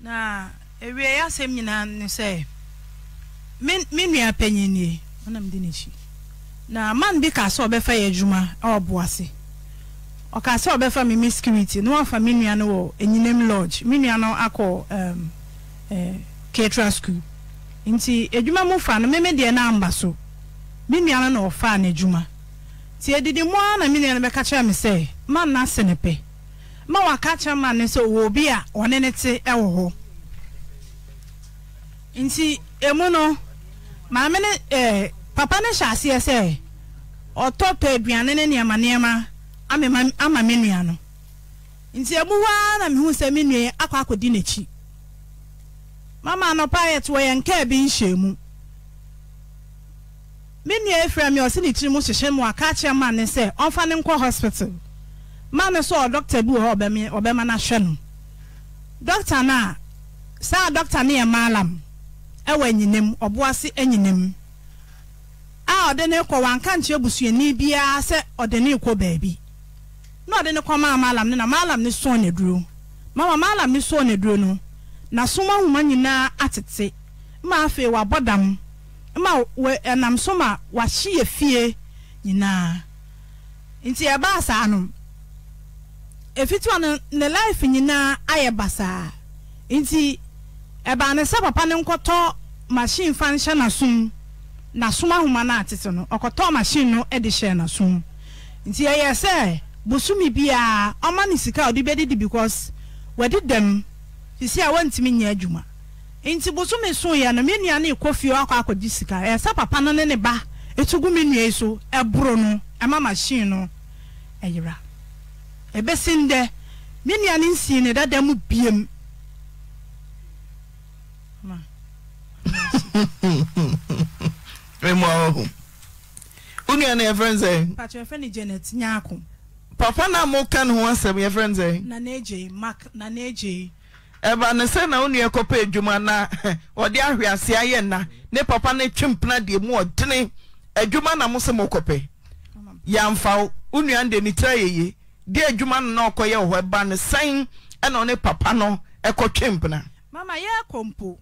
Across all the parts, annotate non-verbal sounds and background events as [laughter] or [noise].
na ewie ya asɛm nyinaa ne sɛ me nua panyini ɔnam di na man bi kaa sɛ ɔbɛfa yɛ adwuma a ɔbo ase ɔkaa sɛ ɔbɛfa me me security na wafa me nua no wɔ enyinam lodge me no akọ um, ketra skuul nti adwuma mu fa no mmemme deɛ no amba so me no na ɔfaa n'adwuma nti adidi mu ara na me nua no bɛka kyerɛ me sɛ man no asɛ ma waka kyerɛ nso ne obi a ɔne ne ti wɔ hɔ nti emu no maame ne ɛɛ eh, papa ne hyɛ aseɛ sɛ ɔtɔtɔ aduane ne nneɛma nneɛma ama ama me nua no nti emu hɔ na mehu sɛ me nua akɔ di n'akyi mama anɔpa yɛ to yɛn kaa bi nhyɛ mu me nua efura mi ɔsi ne tiri mu hyehyɛ mu aka kyerɛ ma ne sɛ ɔmfa ne nkɔ hospital. ma ne sɛ dọkịta bi wɔ hɔ ɔbɛma no hwɛ no dɔkta no a saa dọkịta no yɛ maalam ɛwɔ anyinam ɔboase anyinam a ɔde ne kɔ wanka nkyerɛ busuani biara sɛ ɔde ne kɔ baabi na ɔde ne kɔ maa maalam no na maalam no sɔn ne duro mama maalam no sɔn ne duro no na som ahoma nyinaa atete ma afei wabɔ dam ma ɛnam so ma wahye yɛ fie nyinaa nti ɛbaa saa no efitiwa no ne life nyinaa ayọ basaa nti ɛbaa ne sɛ papa ne nkɔtɔ machine fa nhyɛ n'asom n'asom ahoma no atete no ɔkɔtɔ machine no de hyɛ n'asom nti ɛyɛ sɛ bosumi biara ọma ne ọ a ɔde bɛdidi because wɔde dɛm sisi a wɔntumi nyɛ adwuma nti bosumi so yɛ no me nua no ekɔ fie akọ akɔgye sika ɛyɛ papa no ne ne ba etu gu me nua yi so ɛboro no ɛma machine no ɛyera. ɛbɛsin dɛ me ne nsii ne dada mu biem [laughs] wonua no yɛfrɛ n sɛ papa no a moka ne ho asɛm nze. na na na wo nua kɔpɛ na [laughs] ɔde ahwe ase ayɛ na ne papa no twempena deɛ mu edwuma na mụ sị mụ kope ya ya ndị di adwuma no na ɔkɔyɛ wɔ hɔ ba no sɛn ɛna ɔne papa no ɛkɔtwe mpena mama yɛ kɔmpo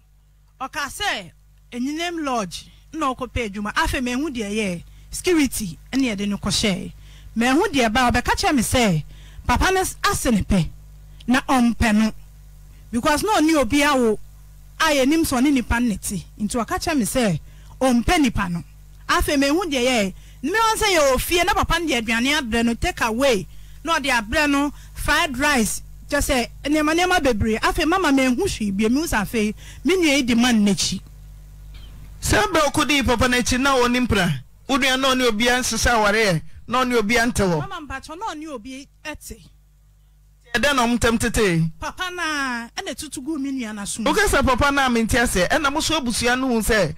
ɔka sɛ enyinam lodge na ɔkɔpɛ adwuma afei mehu deɛ yɛ security ɛna yɛde no kɔhyɛ mehu deɛ ba ɔbɛka kyerɛ me sɛ papa no ase ne pɛ na ɔmpɛ no because na ɔne obi awo a yɛnim sɛ ɔne nipa no ne ti nti ɔka kyerɛ me sɛ ɔmpɛ nipa no afei mehu deɛ yɛ ne mi wɔn sɛ yɛ ofie na papa no deɛ aduane abrɛ no take away na ɔde abrɛ no fried rice kyɛ nneema nneɛma nneɛma afei mama mehu hwee bie mehu sɛ afei me nua yi di ma no n'akyi sɛ brɛ wokɔ dii papa no akyi na ɔne mpra wo nua na ɔne obia nsesa awareɛ na ọ ɔne obia nte hɔ mama mpakyɛ na ọ obi ɛte ede na ɔmtam tete papa na ɛna tutu gu me nua na so wokasa papa na amị ntị ɛna mo so abusua no hu sɛ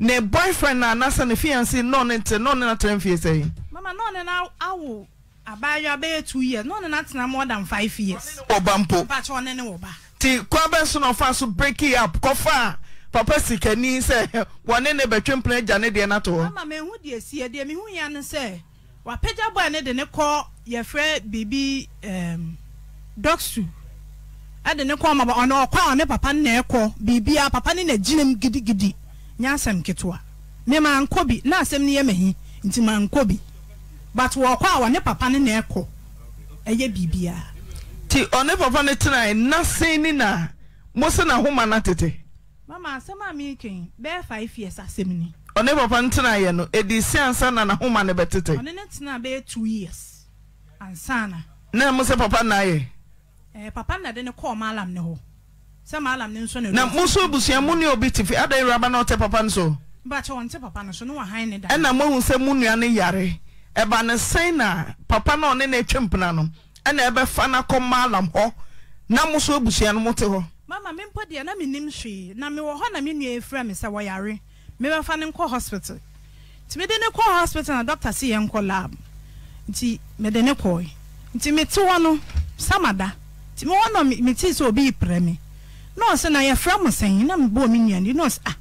ne boyfriend na anasa ne fiancé na ɔne nte na ɔne natena mfie mama nọ ɔne no awo ɛnti koabɛso no ɔfa so breaki ap kɔfa a papa sikani sɛ ɔne ne bɛtwempena agya ne deɛ noto hɔeem paɔ nedefɛ birbɔne ppa n ɛɔ biriaapa no nagyenam gedigediɛ but wɔkɔ a wɔne papa no na ɛkɔ ɛyɛ biribiaa nti ɔne papa no tena na sen ni na mose na homa no tete mama asɛm a meekɛn bɛyɛ five years asɛm ni ɔne papa no tena yɛ no ɛdi se ansa na nahoma no bɛtete ɔne no tena bɛyɛ two years ansana. na na mo sɛ papa no ayɛ eh, papa no de ne kɔɔ maalam ne hɔ sɛ maalam ne nso ne na mo so abusua mo ne obi te fi adɛn wuraba na ɔtɛ papa no so bakyɛ ɔnte papa no so ne wahan ne da ɛna moahu sɛ mo nua no yare ɛba ne sɛn na papa na ɔne no atwa mpena no ɛna ɛbɛfa no akɔ maalam hɔ na mo so abusua no mote hɔ mama mempɔ deɛ na menim hwee na mewɔ hɔ na me nua ɛfira me sɛ wɔyare mebɛfa no nkɔ hospital nti mede ne kɔ hospital na si se yɛnkɔ lab nti mede ne yi nti mete hɔ no samada nti mewɔ no metee sɛ obi yɛpirɛ me nɔɔse na yɛfrɛ mo sɛn na mebɔɔ me nuane nɔɔse ah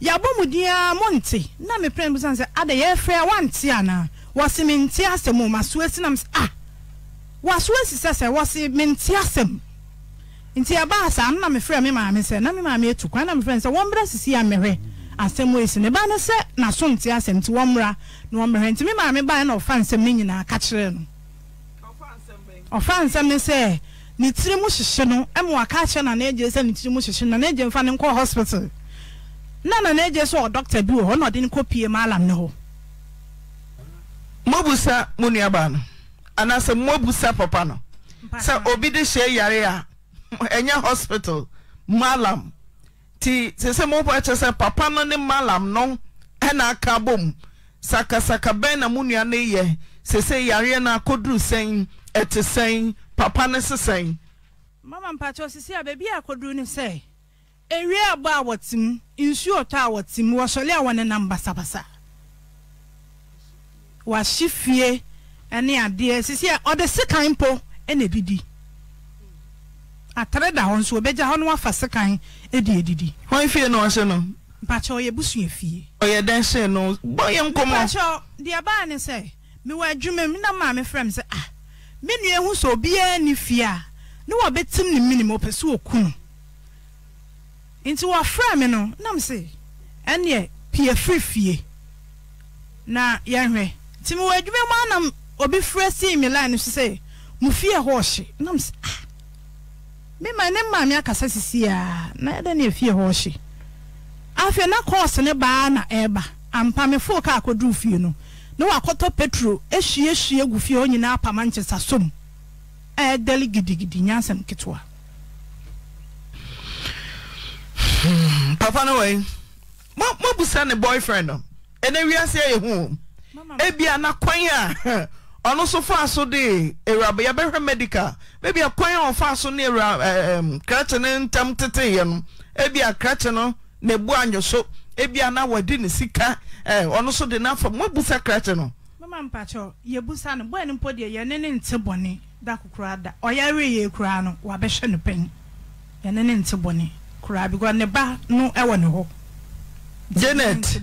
yɛabɔ mu diaa monte na meprɛ no bi sane sɛ ada yɛfrɛ a woante anaa wɔsi mi nti asɛm o ma so esi nam a ah, wɔaso esi sɛsɛ wɔsi mi nti asɛm nti ɛbaa saa na mi fira mi maame sɛ na mi maame etu kwan na mi fira mi sɛ wɔn mbɛrɛ sisi amehwɛ asɛm o esi ne ba ne sɛ n'aso nti asɛm nti wɔn mbra na wɔn mbɛrɛ nti mi maame baa na ɔfa nsɛm ne nyinaa kakyere no ɔfa nsɛm ne sɛ ne tiri mu hyehyɛ no ɛmu waka akyerɛ na n'egye sɛ ne tiri mu hyehyɛ na n'egye nfa ne nkɔ hospital na na n'egye sɛ ɔdɔkta bi wɔ hɔ na ɔde ne kɔ pie ma ne hɔ. mobu sa mo nua baa no anasɛ mabu sa papa no sɛ obi de hye yare a [laughs] ɛnyɛ hospital malam nti sese mopɔ akyɛ sɛ papa no ne malam no na aka bɔmu sakasaka bɛn na monua no ɛyɛ sese yare no akɔduru sɛn ɛte sɛn papa no sesɛn wahye fie ɛne adeɛ sisi a ɔde sekan po ɛna edidi atare da hɔ nso obɛgya hɔ no wafa sekan de edidi. wɔn fie na ɔhyɛ no. mpakyɛ ɔyɛ busua fie. ɔyɛ dan hyɛ no bɔyɛ nkɔmɔ. mpakyɛ deɛ baa ne sɛ mewɔ adwuma mu na maame frɛ me sɛ ah me nua ehu sɛ obiara ne fie a ne wɔ bɛtim ne minimu ɔpɛ so okun nti wɔfrɛ me no nam sɛ ɛneɛ pie firi fie na yɛn hwɛ. nti mewɔ adwuma mu anam obi frɛ sii me line so sɛ mufie hɔ ɔhye nam sɛ ah mema ne maame akasa sisi a na ɛdɛ ne fie hɔ ɔhye afei na kɔɔse ne baa na ɛɛba ampa me fo kaa kɔduru fie no na wakɔtɔ petro ehyiehie gu fie hɔ nyinaa apama nkyesa som ɛɛdɛli gidigidi nyansɛm ketewa. Hmm, papa no wɔ yi mo mo busa ne boyfriend no ɛna wiase yɛ hu. ebia na kwan a [laughs] ɔno nso faa so de awuraba yɛbɛhwɛ medical ebia kwan a ɔfaa so ne awura krakye eh, ne ntam teteeɛ no ebia krakye no na ebu so, ebia na wɔde ne sika eh, ɔno nso de n'afam wɔbusa krakye no. mama mpakyɛw yɛbusa no bɔɔl no mpo deɛ yɛne ne nte bɔne da ada, da ɔyare yɛ koraa no wabɛhwɛ no pɛn yɛne ne nte bɔne koraa because ne ba no ɛwɔ ne hɔ. janet.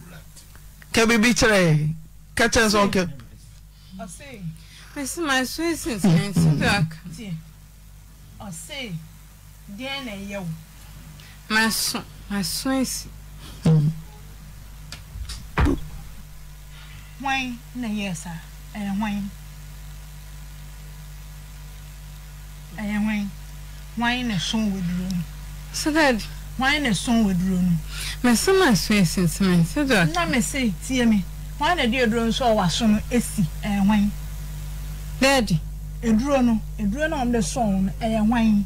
ka biribi kyerɛ ka kyerɛ sɛ ɔkɛ Ese mas so esse silêncio doca. Sim. Ó sei. e eu. Mas so, mas so esse. Hum. Mãe, na yesa. É Era mãe. Era mãe. Mãe na som with room. So that hwan na ɛsɔn wɔ duro no. mɛsɛn ma so esi ntoma nse do. nna mɛsɛ tie mi hwan na ɛde eduro nso a waso no esi ɛyɛ hwan. dɛɛdi. eduro no eduro na wɔn de sɔn no ɛyɛ hwan.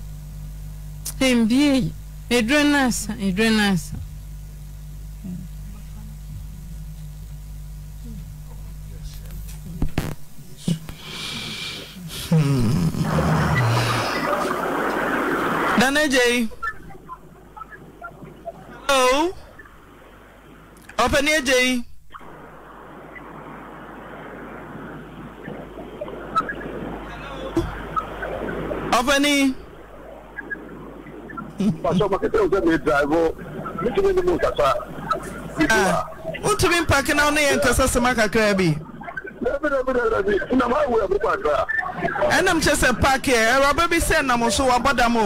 mbie eduro naasa eduro naasa. Hmm. Dana Jay. Hello. Ọ̀pẹ̀ni ẹ̀jẹ̀ yìí. Ọ̀pẹ̀ni. Pàṣẹ ọmọ kẹtẹ ọ̀sẹ̀ mi dìrìbù nítorí ní mo kàtà. Wotumi mpaaki na ɔne yɛ nkasa sɛm akakra bi. Ɛnam kyerɛ sɛ paaki ɛ, ɛwuraba bi sɛ nam so wabɔ dam o.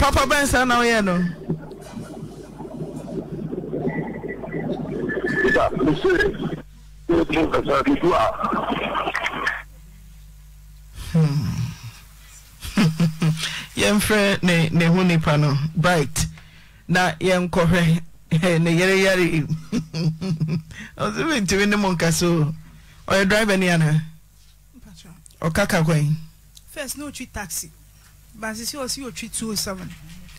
papa bẹ́ẹ̀ sẹ́ na oyè no. Hmm. [laughs] yɛmfrɛ ne ne ho nipa no bright na yɛnkɔhwɛ ne yereyare ɔsɛ [laughs] mentumi ne mo nka so ɔyɛ driver ni ana ɔkaka kwan first no twi taxi baasi si osi otwi two seven.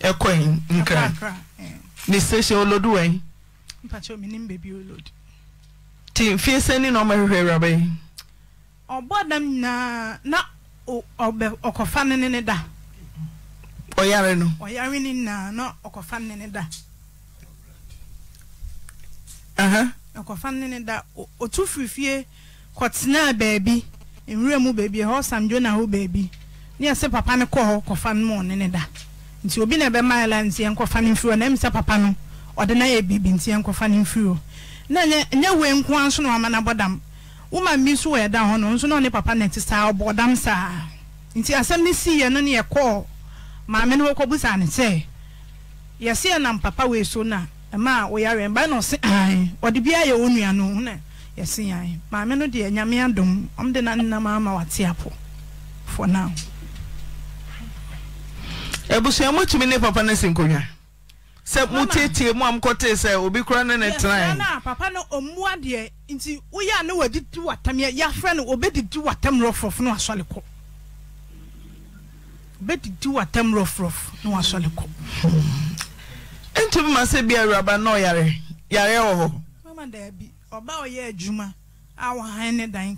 ɛkɔ yin nkran eh. ne station olodu wɛn. mpakyɛ omi ni mbɛbi olodi. ti fie sɛni na ɔmo ahwehwɛ awuraba yi. ɔbɔ dam nyinaa na ɔbɛ ɔkɔfa ne ne da. ɔyare no. ɔyare ne nyinaa na ɔkɔfa ne ne da. ɔkɔfa ne ne da otu firifie kɔtena beebi nwura mu beebi ɛhɔ samjo na ho beebi. ne yɛsɛ papa no kɔ hɔ kɔfa no ma ɔne ne nti obi na ɛbɛma ɛla nti yɛnkɔfa no mfiri hɔ na sɛ papa no ɔde no ayɛ biribi nti yɛnkɔfa no mfiri na nyɛ wei nko nso na wama no nso wɔ hɔ no na papa no ɛte saa ɔbɔ dam saa nti asɛm no sii yɛ no ne yɛkɔɔ maame no ne sɛ yɛse papa wei so na ɛma a mba na ɔse ae ɔde bi ayɛ wɔ nua no na yɛse ae maame no deɛ nyame adom na abusua motumi ne papa no si nkonnwa sɛ motietie mu a mkɔtee sɛ obi kora ne ne papa no ɔmmua deɛ nti woyɛ a ne wadidi watam yɛafrɛ no obɛdidi watam rɔfrɔf ne wasɔle kɔ obɛdidi watam rɔfrɔf ne wasɔle kɔ ntumi ma si bi awuraba na ɔyare yare wɔ hɔ ɔba ɔyɛ adwuma a ne dan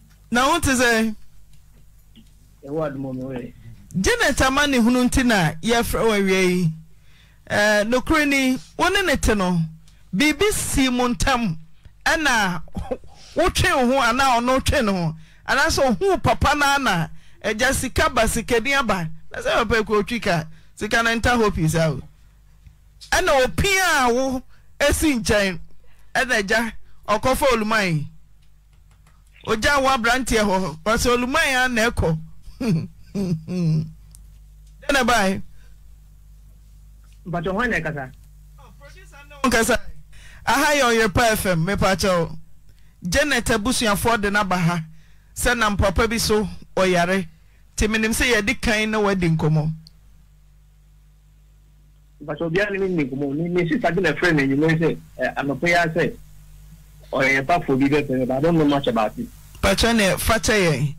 na wote sɛ genet ama ne hunu nti na ya w awia yi nokoro ni wo ne ne te no biribi si mu ntam ɛna wotwe wo ho anaa ɔno wotwe ne ho anaasɛ ohuu papa na ana agya sika ba sikani aba na sɛ papa kɔtwi ka sika no nta hɔ pii saa o ɛna opi a wo asi nkyɛn ɛna agya ɔkɔfa olumae ogya wɔ aberanteɛ hɔ ɔsɛ oluman a na ɛkɔ [laughs] dɛn oh, na bae. mpatɔ hɔn na ɛkasa. nkasa aha yɛ ɔyɛ pa fm mepakyɛw janet abusuafoɔ de n'aba ha sɛ na papa bi so ɔyare te sɛ yɛde kan na wɔadi nkɔmmɔ. mpatɔ obiara ne ne nkɔmmɔ ne ne sisa de na fɛn na enyimɛ sɛ anɔpɛ ɔyɛ mpafo bi bɛpɛ but I don't know much about it. pàtó ni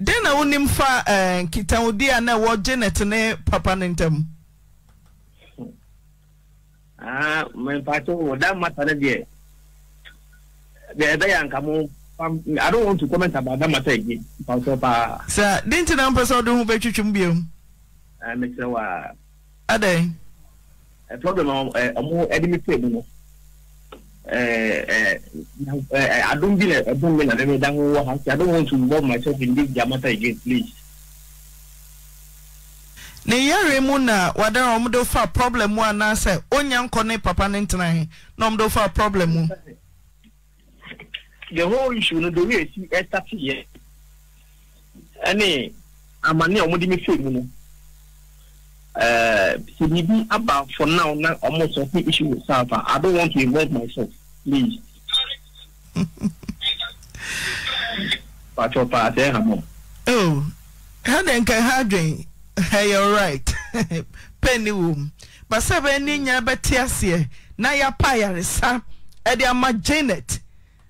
Then I den na wonim fa ɛɛ nkitahodie a na ɛwɔ janet ne papa ne ntam. aa ah, mɛ mpató wɔ dan mata ne deɛ deɛ I don't want to comment about that matter again. Mpató paa. sir Didn't you know mpɛ sɛ ɔde ho bɛ twitwi ah, mu biom. ɛɛ mɛ kyerɛ wa. adai. problem ɔmo ɛdi mi pay mu no. I don't feel I don't feel I don't want I don't want to involve myself in this Jamaica again, please. na yɛre mu na wadara ɔmde fa problem mu anaasɛ onya nkɔ ne papa ne ntena he na ɔmde fa problem mu the whole issue no the way esi ɛta te eh, yɛ ɛne amane a ɔmde me fɛ mu no Eh, Sinibi Abba, for now, now almost a issue with Sava. I don't want to involve myself, please. [laughs] Eh, oh, how then can Hadrian? Hey, you're right. [laughs] Penny womb. But seven in your betiasia, na ya payarisa, Eddie Ama Janet.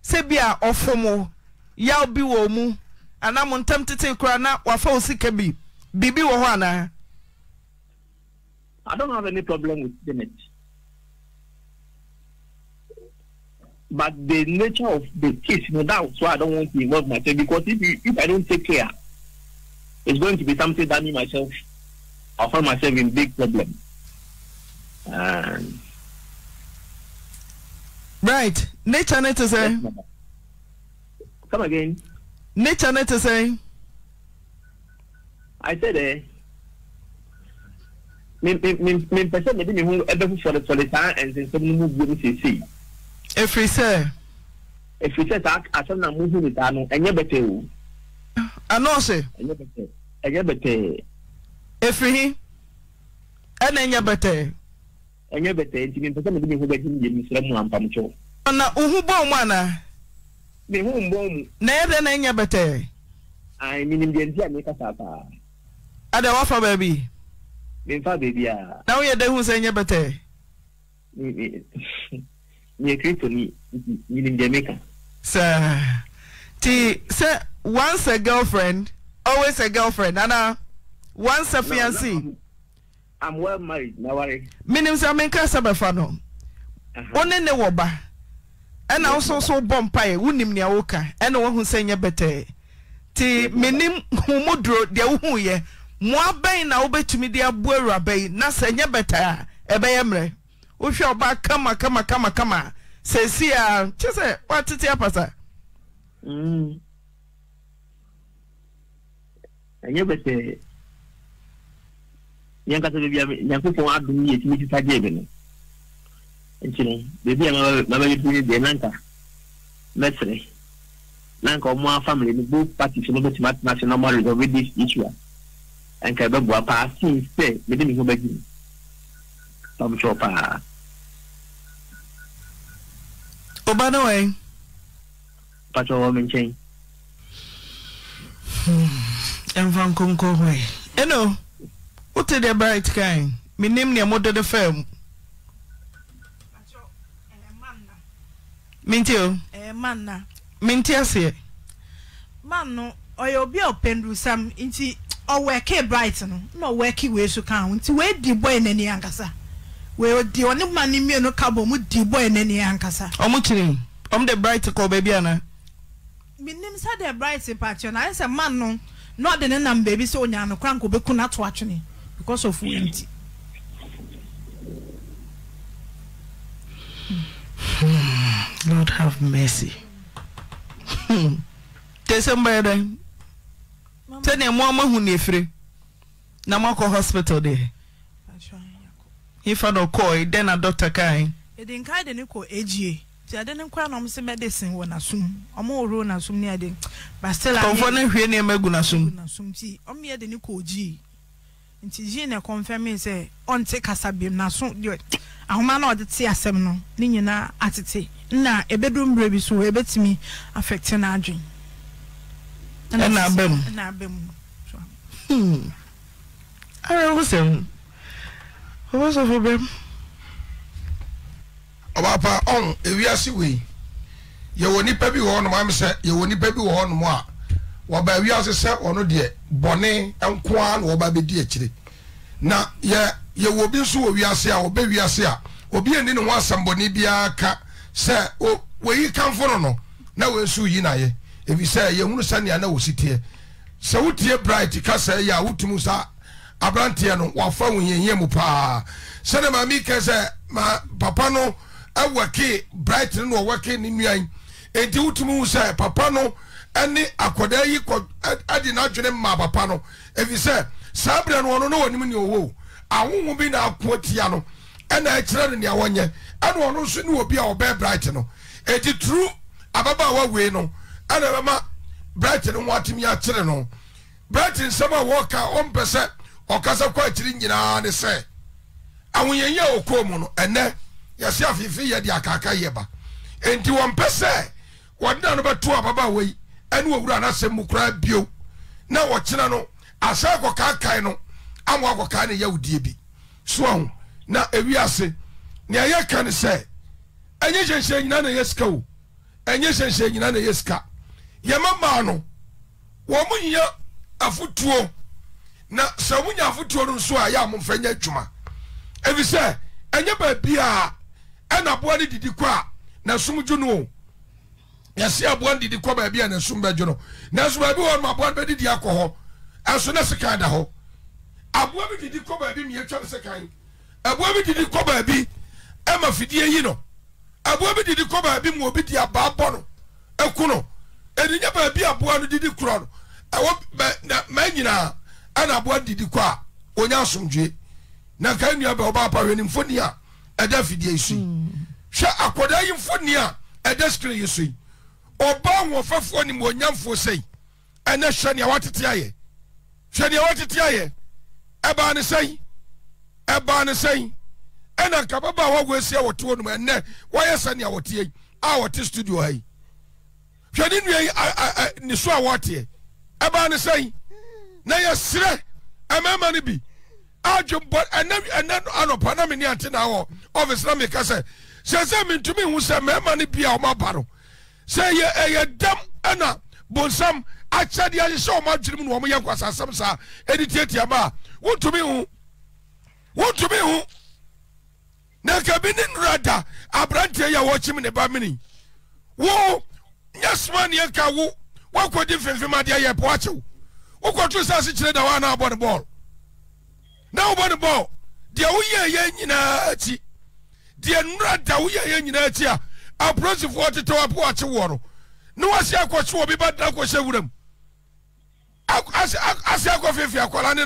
Sebia ofomo, yaw bi wo mu, anam ntam tete kura na wafa osike bi. Bibi wo ho I don't have any problem with Senate. But the nature of the case, you know, that's why I don't want to involve myself because if, if I don't take care, it's going to be something that me myself, I'll find myself in big problem. Um, right. Nature net is saying. Come again. Nature net is saying. I said, eh. mempɛ sɛ mede mi ho bɛfofɔlefɔle saa ɛnsensɛm no mu guo no seesei ɛfiri sɛ ɛfiri sɛ saa asɛm na mohu ne saa no ɛnyɛ bɛtɛɛ o anɔɔse ɛnyɛ bɛtɛɛ ɛfiri hi ɛna ɛnyɛ bɛtɛɛ ɛnyɛ bɛtɛɛ nti mempɛ sɛ mede me ho bɛgye meyɛ mesrɛ mu ampamkyɛw na wo ho bɔɔ mu anaa me ho mbɔɔ mu na ɛyɛ dɛ na ɛnyɛ bɛtɛɛ menim deɛ nti a mekasa paa adɛ woafa mmefa beebi a. na woyɛ dɛ hun sɛ nyɛ bɛtɛ. nyɛ nti ni nyinim jamaica. sɛ ti sɛ once a girlfriend always a girlfriend ana once a fiancé. No, I'm, well married na ware. minim sɛ menka sɛ bɛfa no. wo ne ne wɔ ba ɛna wo so so bɔ mpaeɛ wonim nea woka ɛna woahu sɛ nyɛ bɛtɛɛ nti menim humuduro deɛ wohuyɛ mmoa bɛn na wobɛtumi de aboa awuraba yi na sɛ ɛnyɛ bɛtaa ɛbɛyɛ mmerɛ wohwɛ ɔbaa kama kama kama kama sɛ si a kyɛ sɛ woatete apasa mm. ɛnyɛ bɛtɛ yɛnkasa baabi a nyankopɔn adom yɛ tumi tita gyee me no nti no baabi a mabɛyɛ bi no deɛ nanka mɛsere nanka ɔmo a family no both parties no bɛtumi atena ase na ɔmo resolve this issue a nka ɛbɛboa paa sin sɛ mede me ho bɛgye mu na wobokyɛ paa ɔba no wɛn pakyɛ wɔ me nkyɛn ɛmfa nkonkɔ hɔ ɛ ɛno wote deɛ bright kan menim nea modede faa mu minti o manna e minti aseɛ man no ɔyɛ obi a ɔpɛndusam nti ɔwɛke bright no na ɔwɛke wee so ka ho nti wee di bɔyɛ n'ani ankasa wee di ɔne ma ne mmienu ka bụ ọmụ di bɔyɛ n'ani ankasa. ɔmo kyerɛ Ọmụ de bright kɔ baabi ana. minim sɛ de bright pakyɛ na ayɛ sɛ nọ no na ɔde ne nam baabi sɛ ɔnya no kora nka obɛku atwene because of wɔn nti. Hmm. Hmm. lord have mercy. tẹsán bẹ́ẹ̀ dẹ́. sɛdeɛ moa mahu ne ɛfire na moakɔ hospital deɛ ifa no kɔe dɛn na dɔctor kae ɛde nka de ne kɔ ɛgyie nti ade ne nkora na ɔm sɛ medicine wɔ n'asom ɔmo wɔro n'asom ne ade bastelakɔmfoɔ no hwie nneɛma agu n'asom nti ɔmyɛ de ne kɔ gyie nti gyie na ɛkɔmfɛme sɛ ɔnte kasa bim n'aso deɛ ahoma na ɔde te asɛm no ne nyinaa atete na ɛbɛduru mmerɛ bi so ɛbɛtumi afɛkte n'adwene ɛna abɛ mu hmm. ara wo sɛm ɔbɛsɔfo ɔn ewiase wei yɛwɔ nipa bi wɔ hɔnom yɛwɔ bi wɔ hɔnom a wɔba ewiase sɛ ɔno deɛ bɔne na wɔba bɛdi akyire na yɛ yɛwɔ bi nso wɔ wiase a ɔbɛ wiase a obi ani ne ho asɛmbɔne biara ka sɛ o wɔyi no na wɔn yi na efisɛ yɛhunu sɛnea na wɔsi teɛ sɛ wotie bright kasa yɛ a wotumi sa aberanteɛ no wafa wo hiahia mu paa sɛne maame ka sɛ ma papa no awɔke bright no na ɔwɔke ne nnuan enti wotumi hu sɛ papa no ne akɔdaa yi ade n'adwene ma papa no efisɛ saa berɛ no ɔno na wɔnim nea ɔwɔ ahoho bi na ako atia no ɛna ɛkyerɛ no nea wɔnyɛ ɛna ɔno nso ne obi a ɔbɛɛ bright no enti turu ababaawa wei no ɛna bɛma brighton ho atumi akyere no brighton nsɛm a wɔka ɔmpɛ sɛ ɔkasa kɔ akyiri nyinaa ne sɛ ahoyɛyi a ɔkɔɔ mu no ɛnɛ yɛsɛ afiifi yɛ de akaaka yɛ ba nti wɔmpɛ sɛ na no bɛto ababaawa yi ɛne wɔwura n'asɛm mu koraa bio na wɔkyena no asɛ kɔkaakae no ama akɔkae ne yɛwodie bi so aho na ewi ase nea yɛka ne sɛ ɛnyɛ hyɛnhyɛ nyina na ɛyɛ sika o ɛnyɛ hyɛnhyɛ nyina na ɛyɛ sika yɛma maa no wɔn mo nya afotuo na sɛ mo nya afotuo no nso a yɛ a mo mfa nya adwuma ebi sɛ ɛnyɛ baabi a ɛna aboa no didi kɔ a na sum o yɛsi aboa no didi kɔ baabi a na sum bɛdwo no nanso baabi wɔ no aboa no bɛdidi akɔ hɔ ɛso na sekan da hɔ aboa bi didi kɔ baabi mie twɛn sekan aboa bi didi kɔ baabi ɛma fidie yi no aboa bi didi kɔ baabi mu obi di abaa no ɛku no ɛni nyɛ baabi aboa no didi korɔ no ɛwɔ mɛ na mɛ nyinaa ɛna aboa didi kɔ a wonya asomdwe na nkae nua bɛ ɔba apahwɛ ne mfoni a ɛda fidie so yi hmm. hwɛ akwadaa yi mfoni a ɛda sikiri yi so yi ɔbaa nwɔfafoɔ ne mɔnyamfoɔ sɛyi ɛnɛ hwɛ nea watete ayɛ hwɛ nea watete ayɛ ɛbaa ne sɛyi ɛbaa ne sɛyi ɛna nkababaa wagoesia wɔte hɔ nom ɛnɛ wɔyɛ sɛ nea wɔte yi a wɔte studio ha yi. twani nua yi ne so a wɔteɛ ɛbaa ne sɛn na yɛserɛ ɛmɛɛma no bi adwembɔ ɛnɛ ɛnɛ anɔpa na me ne ante na wɔ ɔfis na meka sɛ sɛ sɛ mentumi hu sɛ mɛɛma no bi a ɔmaba no sɛ yɛ ɛyɛ dam ɛna bonsam akyɛde ahyehyɛ ɔmo adwene mu na ɔmo yɛ nkwasasɛm saa ɛde tiatia ma a wontumi hu wontumi hu na nka bi ne nnura da aberanteɛ yi a wɔkyim ne ba mene wo yɛsoma ne yɛnka wo woakɔdi mfimfim adeɛ yɛ po akyew wokɔto sa se kyerɛ da na abɔ ne bɔɔl na wobɔ ne deɛ woyɛ yɛ nyinaa akyi deɛ da woyɛ yɛ nyinaa akyi a akye na wase akɔkye wɔ bi ba da kɔhyɛ fifi akɔla ne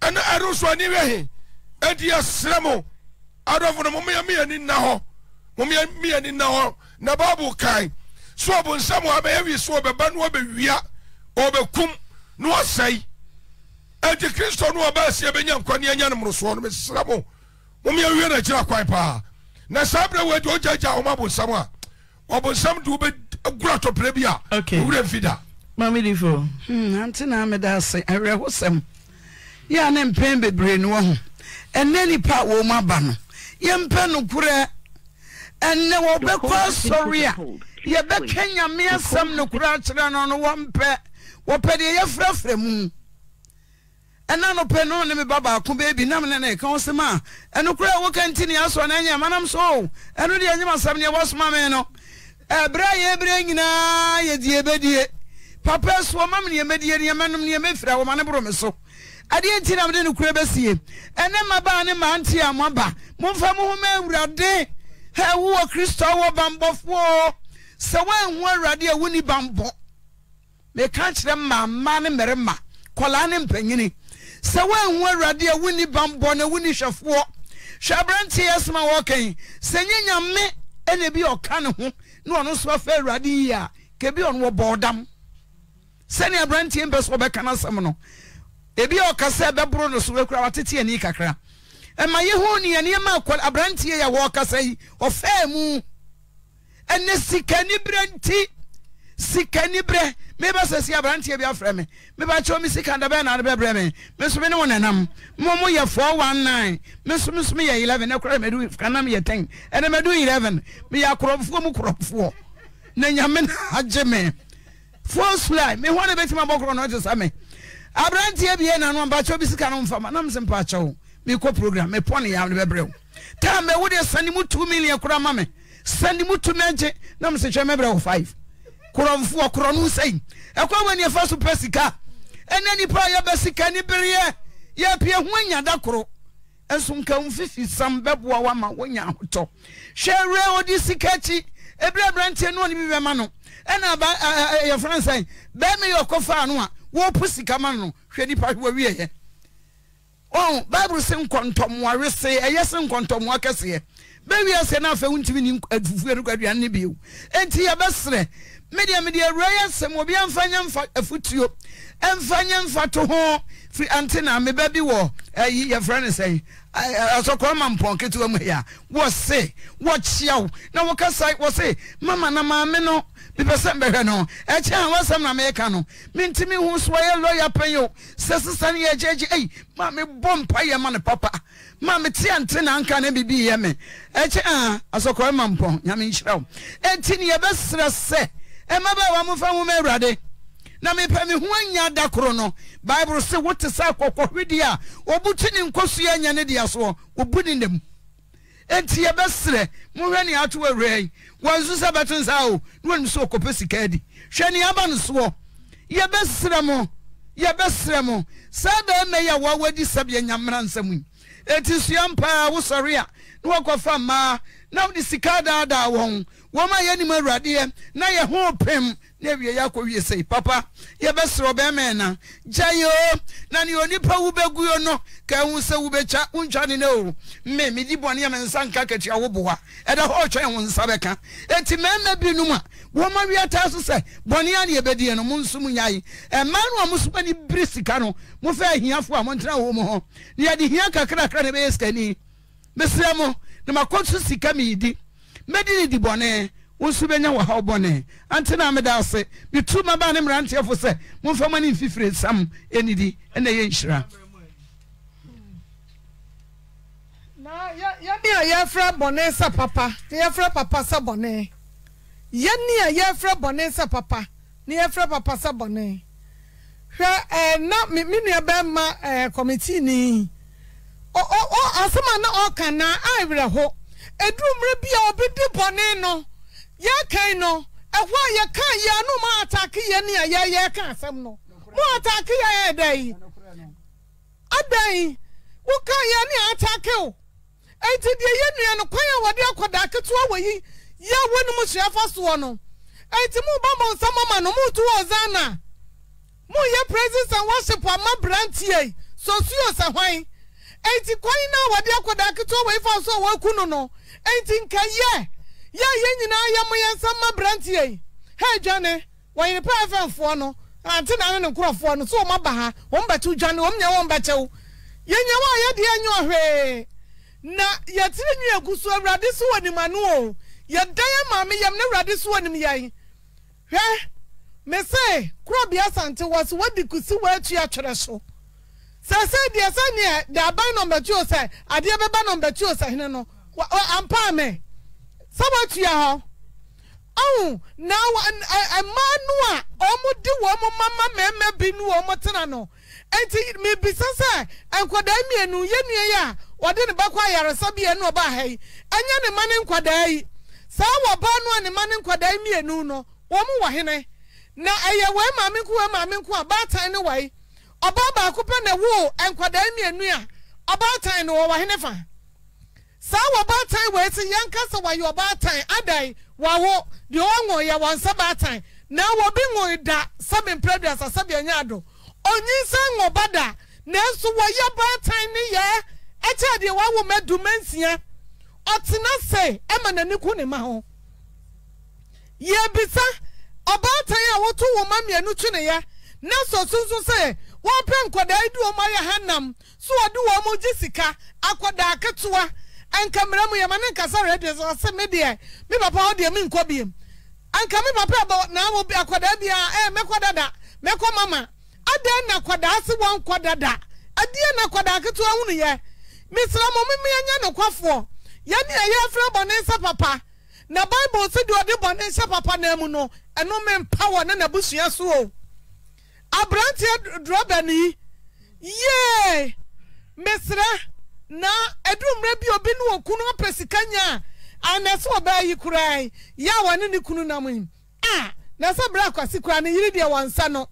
ɛna so ani wɛ adɔfo no ni nna hɔ ni na bible kan so ɔbo nsɛm a bɛyɛ wi so ɔbɛba na ɔbɛwia ɔbɛkum na ɔsɛe enti kristo no ɔbaa sie bɛnya nkwane anya no mmorosoɔ no mesra mo momeawie no akyira kwan paa na saa berɛ wadi ɔgyagya wɔm abonsɛm a ɔbonsɛm de wobɛgura tɔprɛ bi a owura mfi da mamedifo hmm, ante na meda ase awerɛho sɛm yɛ a ne mpɛn bebree ne wɔ ho ɛnɛ nipa a mu aba no yɛmpɛ nokorɛ ɛnɛ wɔbɛkɔ asɔre a yɛbɛka nyame asɛm no kora akyerɛ no no wɔmpɛ wɔpɛ deɛ yɛfrɛfrɛ mu ɛna nopɛ no ne meba baako baabi nam ne ne ɛka wo sɛm a ɛno kora a woka nti ne asɔ no ɛnyɛ manam so ɛno deɛ ɛnyem asɛm neɛ wɔsoma me no ɛberɛ a yɛberɛ nyinaa yɛdie bɛdie papa soɔ ma me neɛmɛdie neɛmɛnom neɛmɛfiri a wɔma ne boro me so adeɛ nti na mede no kora bɛsie ɛne mmabaa ne mmaa nte a moaba momfa mo ho awurade ha wowɔ kristo wɔ bambɔfoɔ Se woanhu awurade a woni bambɔ meka kyerɛ mmaama ne mmarima kɔlaa ne mpanyini sɛ woanhu awurade a woni bambɔ na woni hwɛfoɔ hwɛ aberante yɛ soma wɔkɛn sɛ nyɛ nyame ɛna bi ɔka ne ho na ɔno nso afa awurade yie a kebi ɔno wɔbɔ ɔdam sɛnea aberanteɛ mpɛ sɛ ɔbɛka no asɛm no ebi a ɔka sɛ ɛbɛboro no so watete ani kakra ɛma yɛhu nea nneɛma akɔ aberanteɛ yɛ wɔɔkasa yi ɔfɛɛ mu ɛnɛ sikaniberɛ nti sikaniberɛ meba sɛ si aberanteɛ bi afrɛ me meba kyɛw me sika da bɛɛ na bɛbrɛ me me so me ne wo nanam mo mo yɛ 419 me so me so me yɛ 11 ɛkorɛ madu kanam yɛ 10 ɛnɛ madu 11 meyɛ akorɔfoɔ mu korɔfoɔ na nyame no agye me fosulai me ho ne bɛtumi abɔkorɔ na ɔte sa me aberanteɛ bie na no mpakyɛw bi sika no mfama na mse mpakyɛw mekɔ program mepɔ ne yaw ne bɛbrɛ wo time ɛwo deɛ sane mu 2 million kora ma me sane mu 2 mɛnkye na mese hwɛ mɛbrɛ wo 5 korɔmfoɔ korɔ no sɛi ɛkɔ wɔ neɛfa so pɛ sika ɛnɛ nipa a yɛbɛ sika ne bereɛ yɛpie ho anya da koro ɛnso nka wo fifi sam bɛboa wo ama wonya ahotɔ hwɛ werɛ ɔde sika akyi ɛberɛ aberanteɛ no ɔne bi bɛma no ɛna yɛfrɛ sɛn bɛɛma yɛ ɔkɔfaa no a wɔpo sika ma no no hwɛ nipa wawieɛ oh bible quantum nkɔntɔmmoa wese ɛyɛ sɛ eh, nkɔntɔmmoa kɛseɛ bɛwie sɛ no afei wontumi ne eh, afufuo no kwaduane no bio enti yɛbɛserɛ medeɛ Media media yɛ asɛm obi amfa nyɛ mfa afotuo eh, ɛmfa nyɛ mfa to ho firi ante na meba bi wɔ ayi yɛfrɛ asɔkora ma mpɔn ketewa mu yia wɔse wɔkyia wo na wɔkasa wɔse mama na maame no mepɛ sɛ mbɛhwɛ no ɛkyɛ a wɔsɛm na meka no mentimi ho so wɔyɛ lɔya pɛn o sɛ sesa no yɛgyegye ei ma mebɔ mpayɛ ma ne papa ma mete ante na anka na bibi yɛ me ɛkyɛ a asɔkora ma mpɔn nyame nhyira wo ɛnti ne yɛbɛserɛ sɛ ɛmabɛwa mofa nwoma awurade na mepɛ me ho anya da koro no bible sɛ wote sɛ akɔkɔhwedeɛ a ɔbutu ne nkɔsua anya ne deɛ soɔ ɔbu ne nam enti yɛbɛserɛ mohwɛ ne ato awura yi wɔnso sɛ bɛto nsa o na wɔnim sɛ ɔkɔpɛ sika adi hwɛ ne aba no soɔ yɛbɛserɛ mo yɛbɛserɛ mo saa da ma yi a wɔawadi sɛbeɛ nyamena nsɛm yi enti sua mpaa wosɔre a na wɔkɔfa mmaa na wode sika daadaa wɔn wɔn a yɛnim awuradeɛ na yɛ ho pem na ewie yɛ akɔ wie sei papa yɛbɛsrɛ bɛrima ɛna gya yɛ o na ne onipa wo bɛguo no ka ehu sɛ wo bɛtwa wontwa ne o mme me di bɔne yɛ me nsa nka katua wo boa ɛda hɔ ɔtwɛn wo nsa bɛka eti mmarima binom a wɔn a wia taa so sɛ bɔne a ne yɛbɛdiɛ no mo nso mu nyae mmaa no a mo so bani biri sika no mo fɛ ahiafo a mo ntena wɔn mu hɔ ne yɛde hia kakrakra na ɛbɛyɛ sikani mesrɛ mo na ma kɔ so sika mi yi di mɛdi ne di bɔne wo nso bɛnya wɔ haw bɔne ante na meda ase metu ma baa ne mmeranteɛfo sɛ momfa ma ne mfifire nsam ɛnidi ɛna ɛyɛ nhyira yɛne a yɛfrɛ bɔne sɛ papa na yɛfrɛ papa sɛ bɔne yɛne a yɛfrɛ bɔne sɛ papa na yɛfrɛ papa sɛ bɔne hwɛ ɛɛ na mi me nua bɛrima ɛɛ kɔmitii nii o o ɔ asɛm na ɔka na ayɛwerɛ ho. eduru mmerɛ bi a obi di bɔne no yɛkan no ɛhɔ a yɛkan yɛ ano mu ataake yɛ ne a yɛyɛ ka asɛm no mu ataake yɛ yɛ dɛ yi adan yi wokan yɛ ne ataake o eti deɛ yɛ nua no kwan a wɔde akɔda ketewa wɔ yi yɛ wɔ ne mu hyɛ fa soɔ no eti mu ba mo nsɛm ama no mu tu wɔ zana mu yɛ praises and worship ama brantie sosuo sɛ hwan eti kwan na wɔde akɔda ketewa wɔ yi fa so a wɔaku no no. enti nka yɛ yɛ yɛ nyinaa yɛ mo yɛn nsa ma aberanteɛ yi hɛ dwane wɔyere pɛ fɛnfoɔ no ante na ne ne nkurɔfoɔ no so wɔn aba ha wɔn bɛto dwane wɔn nyɛ wɔn bɛkyɛw yɛn nyɛ wɔn a yɛ deɛ nyɛ ɔhwee na yɛtiri nwi egu so awurade so wɔ nim ano o yɛdan yɛ maame yɛm ne awurade so wɔ nim yɛn hwɛ mese kurabea sante wɔ so wɔdi kusi wɔ etu atwerɛ so sɛsɛ deɛ sɛ neɛ de aban nɔmbɛtuo sɛ adeɛ bɛba nɔmbɛtuo sɛ hene no. ampa me sɛ woatua hɔ ɔhu na mmaa no e, e, a ɔmode di mo mama mmarima bi no wɔ mo tena no nti mebisa sɛ nkwadaa mmienu yɛnua yi a wɔde ne bɛkɔ ayaresabea ne ɔba ha yi ɛnyɛ ne ma ne nkwadaa yi saa wɔ baa no a ne ma ne nkwadaa yi mmienu no wɔn wɔ hene na ɛyɛ wɔn maame nko wɔn maame nko a baatan ne wɔ yi ɔbaa baako pɛ na wo nkwadaa mmienu a ɔbaatan no wɔ wɔ hene fa. saa wɔbaatan wɔ akyi yɛn kasa wɔayɛ ɔbaatan adan wɔawo deɛ yɛ wɔn nsa baatan na wɔbi nwo da sɛbi mpiraduas asɛbi anya ado onyinsa ba da nanso wɔyɛ baatan ne yɛ ɛkyɛ deɛ wɔawo nsia ɔtena se ɛma n'ani ku ne ma ho ɔbaatan a wɔto wɔn mmienu twi ne yɛ na sɔ sunsun sɛ wɔn pɛ nkɔdaa yi wɔn ayɛ hanam so wɔde wɔn gye sika ketewa. anka mmerɛ mu yɛ ne nkasa radio so ɔse me deɛ me papa hɔ deɛ menkɔ biam anka me papa bɔ na wɔ bi akwadaa bi a ɛɛ mɛkɔ dada mɛkɔ mama adan na akwadaa se wɔn kɔ dada adeɛ na akwadaa ketewa ho no yɛ mesra mo mimi anya no kwafoɔ yɛne ɛyɛ afrɛ bɔne nsa papa na bible se deɛ ɔde bɔne nhyɛ papa na mu no ɛno mempa na ne n'abusua so o aberanteɛ drɔba no yi yee mesra na edumre bi obi ne okunu apɛ sika nya a na ɛsɛ ɔbaa yi koraa yi a wɔne ne kunu nam yi a na ɛsɛ bere akwasi koraa ne yiri deɛ wɔn nsa no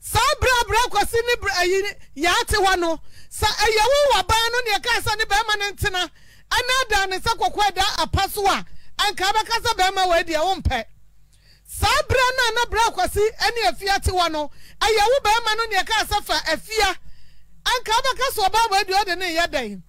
saa bere bere akwasi ne bere ayi yaate hɔ no sa ɛyɛwo wɔ baa no deɛ eh, kaa sɛ ne bɛrima ne ntena ɛna da ne nsa kɔkɔɔ da apa so a anka bɛka sɛ bɛrima wɔ adi ɛwo mpɛ saa bere eh, no na bere akwasi ne afia te hɔ no ɛyɛwo bɛrima no deɛ kaa fa efia anka abɛka sɛ ɔbaa wɔ adi ɔde ne yɛ dɛn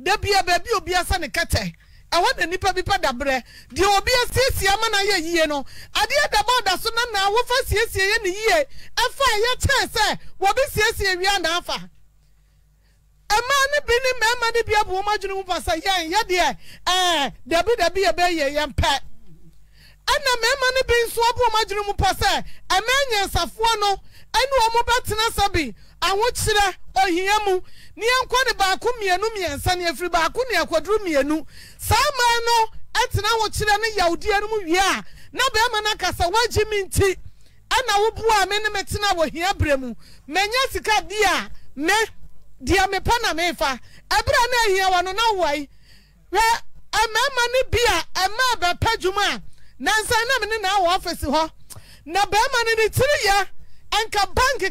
debia baabi obi asa ne kɛtɛ ɛhɔ na nipa bi pa dabrɛ deɛ obi asiesie ama na yɛ yie no adeɛ dama ɔda so na na wofa siesie yɛ ne yie ɛfa ɛyɛ kyerɛ sɛ wɔbi siesie wia na afa mmaa ne bi ne mmarima ne bi abu wɔn adwene mu pa sɛ yɛn yɛ deɛ ɛɛ dabi dabi yɛ bɛyɛ yɛn pɛ ɛna mmarima ne bi nso abu wɔn adwene mu pa sɛ mmaa nyansafoɔ no ɛne wɔn bɛtena sɛbi. ahokyerɛ ohia mu n'ihe yɛnkɔ ne baako mmienu mmiɛnsa ne afiri baako ne mmienu saa man no ɛtena ahokyerɛ ne no mu wie na bɛrima no akasa woagye me nti ɛna woboa me ne wɔ hia berɛ mu manya sika di a me deɛ na mefa ɛberɛ na ahia wɔ no na wowae hwɛ mmarima no bi a ɛma bɛpɛ dwuma a na me na awɔ ɔfisi hɔ na bɛrima no ne tiri yɛ ɛnka banki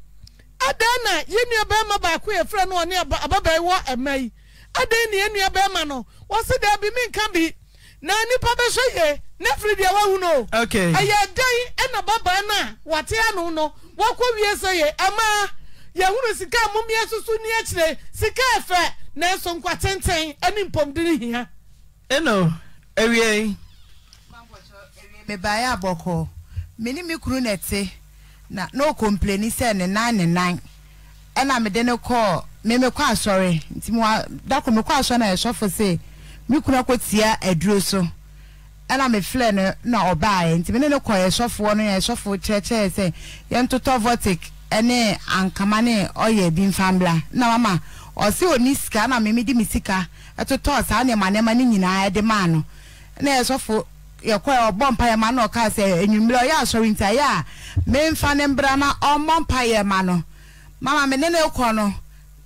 adan na yɛn nua bɛrima baako yɛ fira no ɔne ababaa wɔ ɛma yi adan na yɛn nua bɛrima no wɔsi dɛbi mi nka bi na nipa bɛsɛ yɛ nefiri deɛ wahu no. okay ɛyɛ dan ɛna babaa na wɔte ano no wɔkɔ wie sɛ yɛ ɛmaa yɛhuru sika mumia soso ni akyire sika ɛfɛ na nso nkwa tenten ɛne mpɔmdini hia. ɛnna ewie. mmebaayɛ abɔkɔ mene me kuru na ɛte. na na complain sɛ ne nan ne nan ɛna mede ne kɔɔ meme kɔ asɔre nti mu dako me asɔre na ɛsɔfo se me kunu akɔ tia aduro so ɛna me no na ɔbaaɛ nti me ne ne kɔ ɛsɔfoɔ no ɛsɔfo kyerɛkyerɛ sɛ yɛntotɔ votic ɛne ankama ne ɔyɛ bi mfambla na mama ɔsi oni sika na meme de me sika ɛtotɔ saa nneɛma nneɛma ne nyinaa ɛde maa no na ɛsɔfo yɛkɔ ɔbɔ mpaeɛ ma no ɔka sɛ enwummerɛ ɔyɛ asɔre nti ayɛ a memfa ne mbra na ɔmmɔ mpaeɛ ma no mama me ne ne kɔ no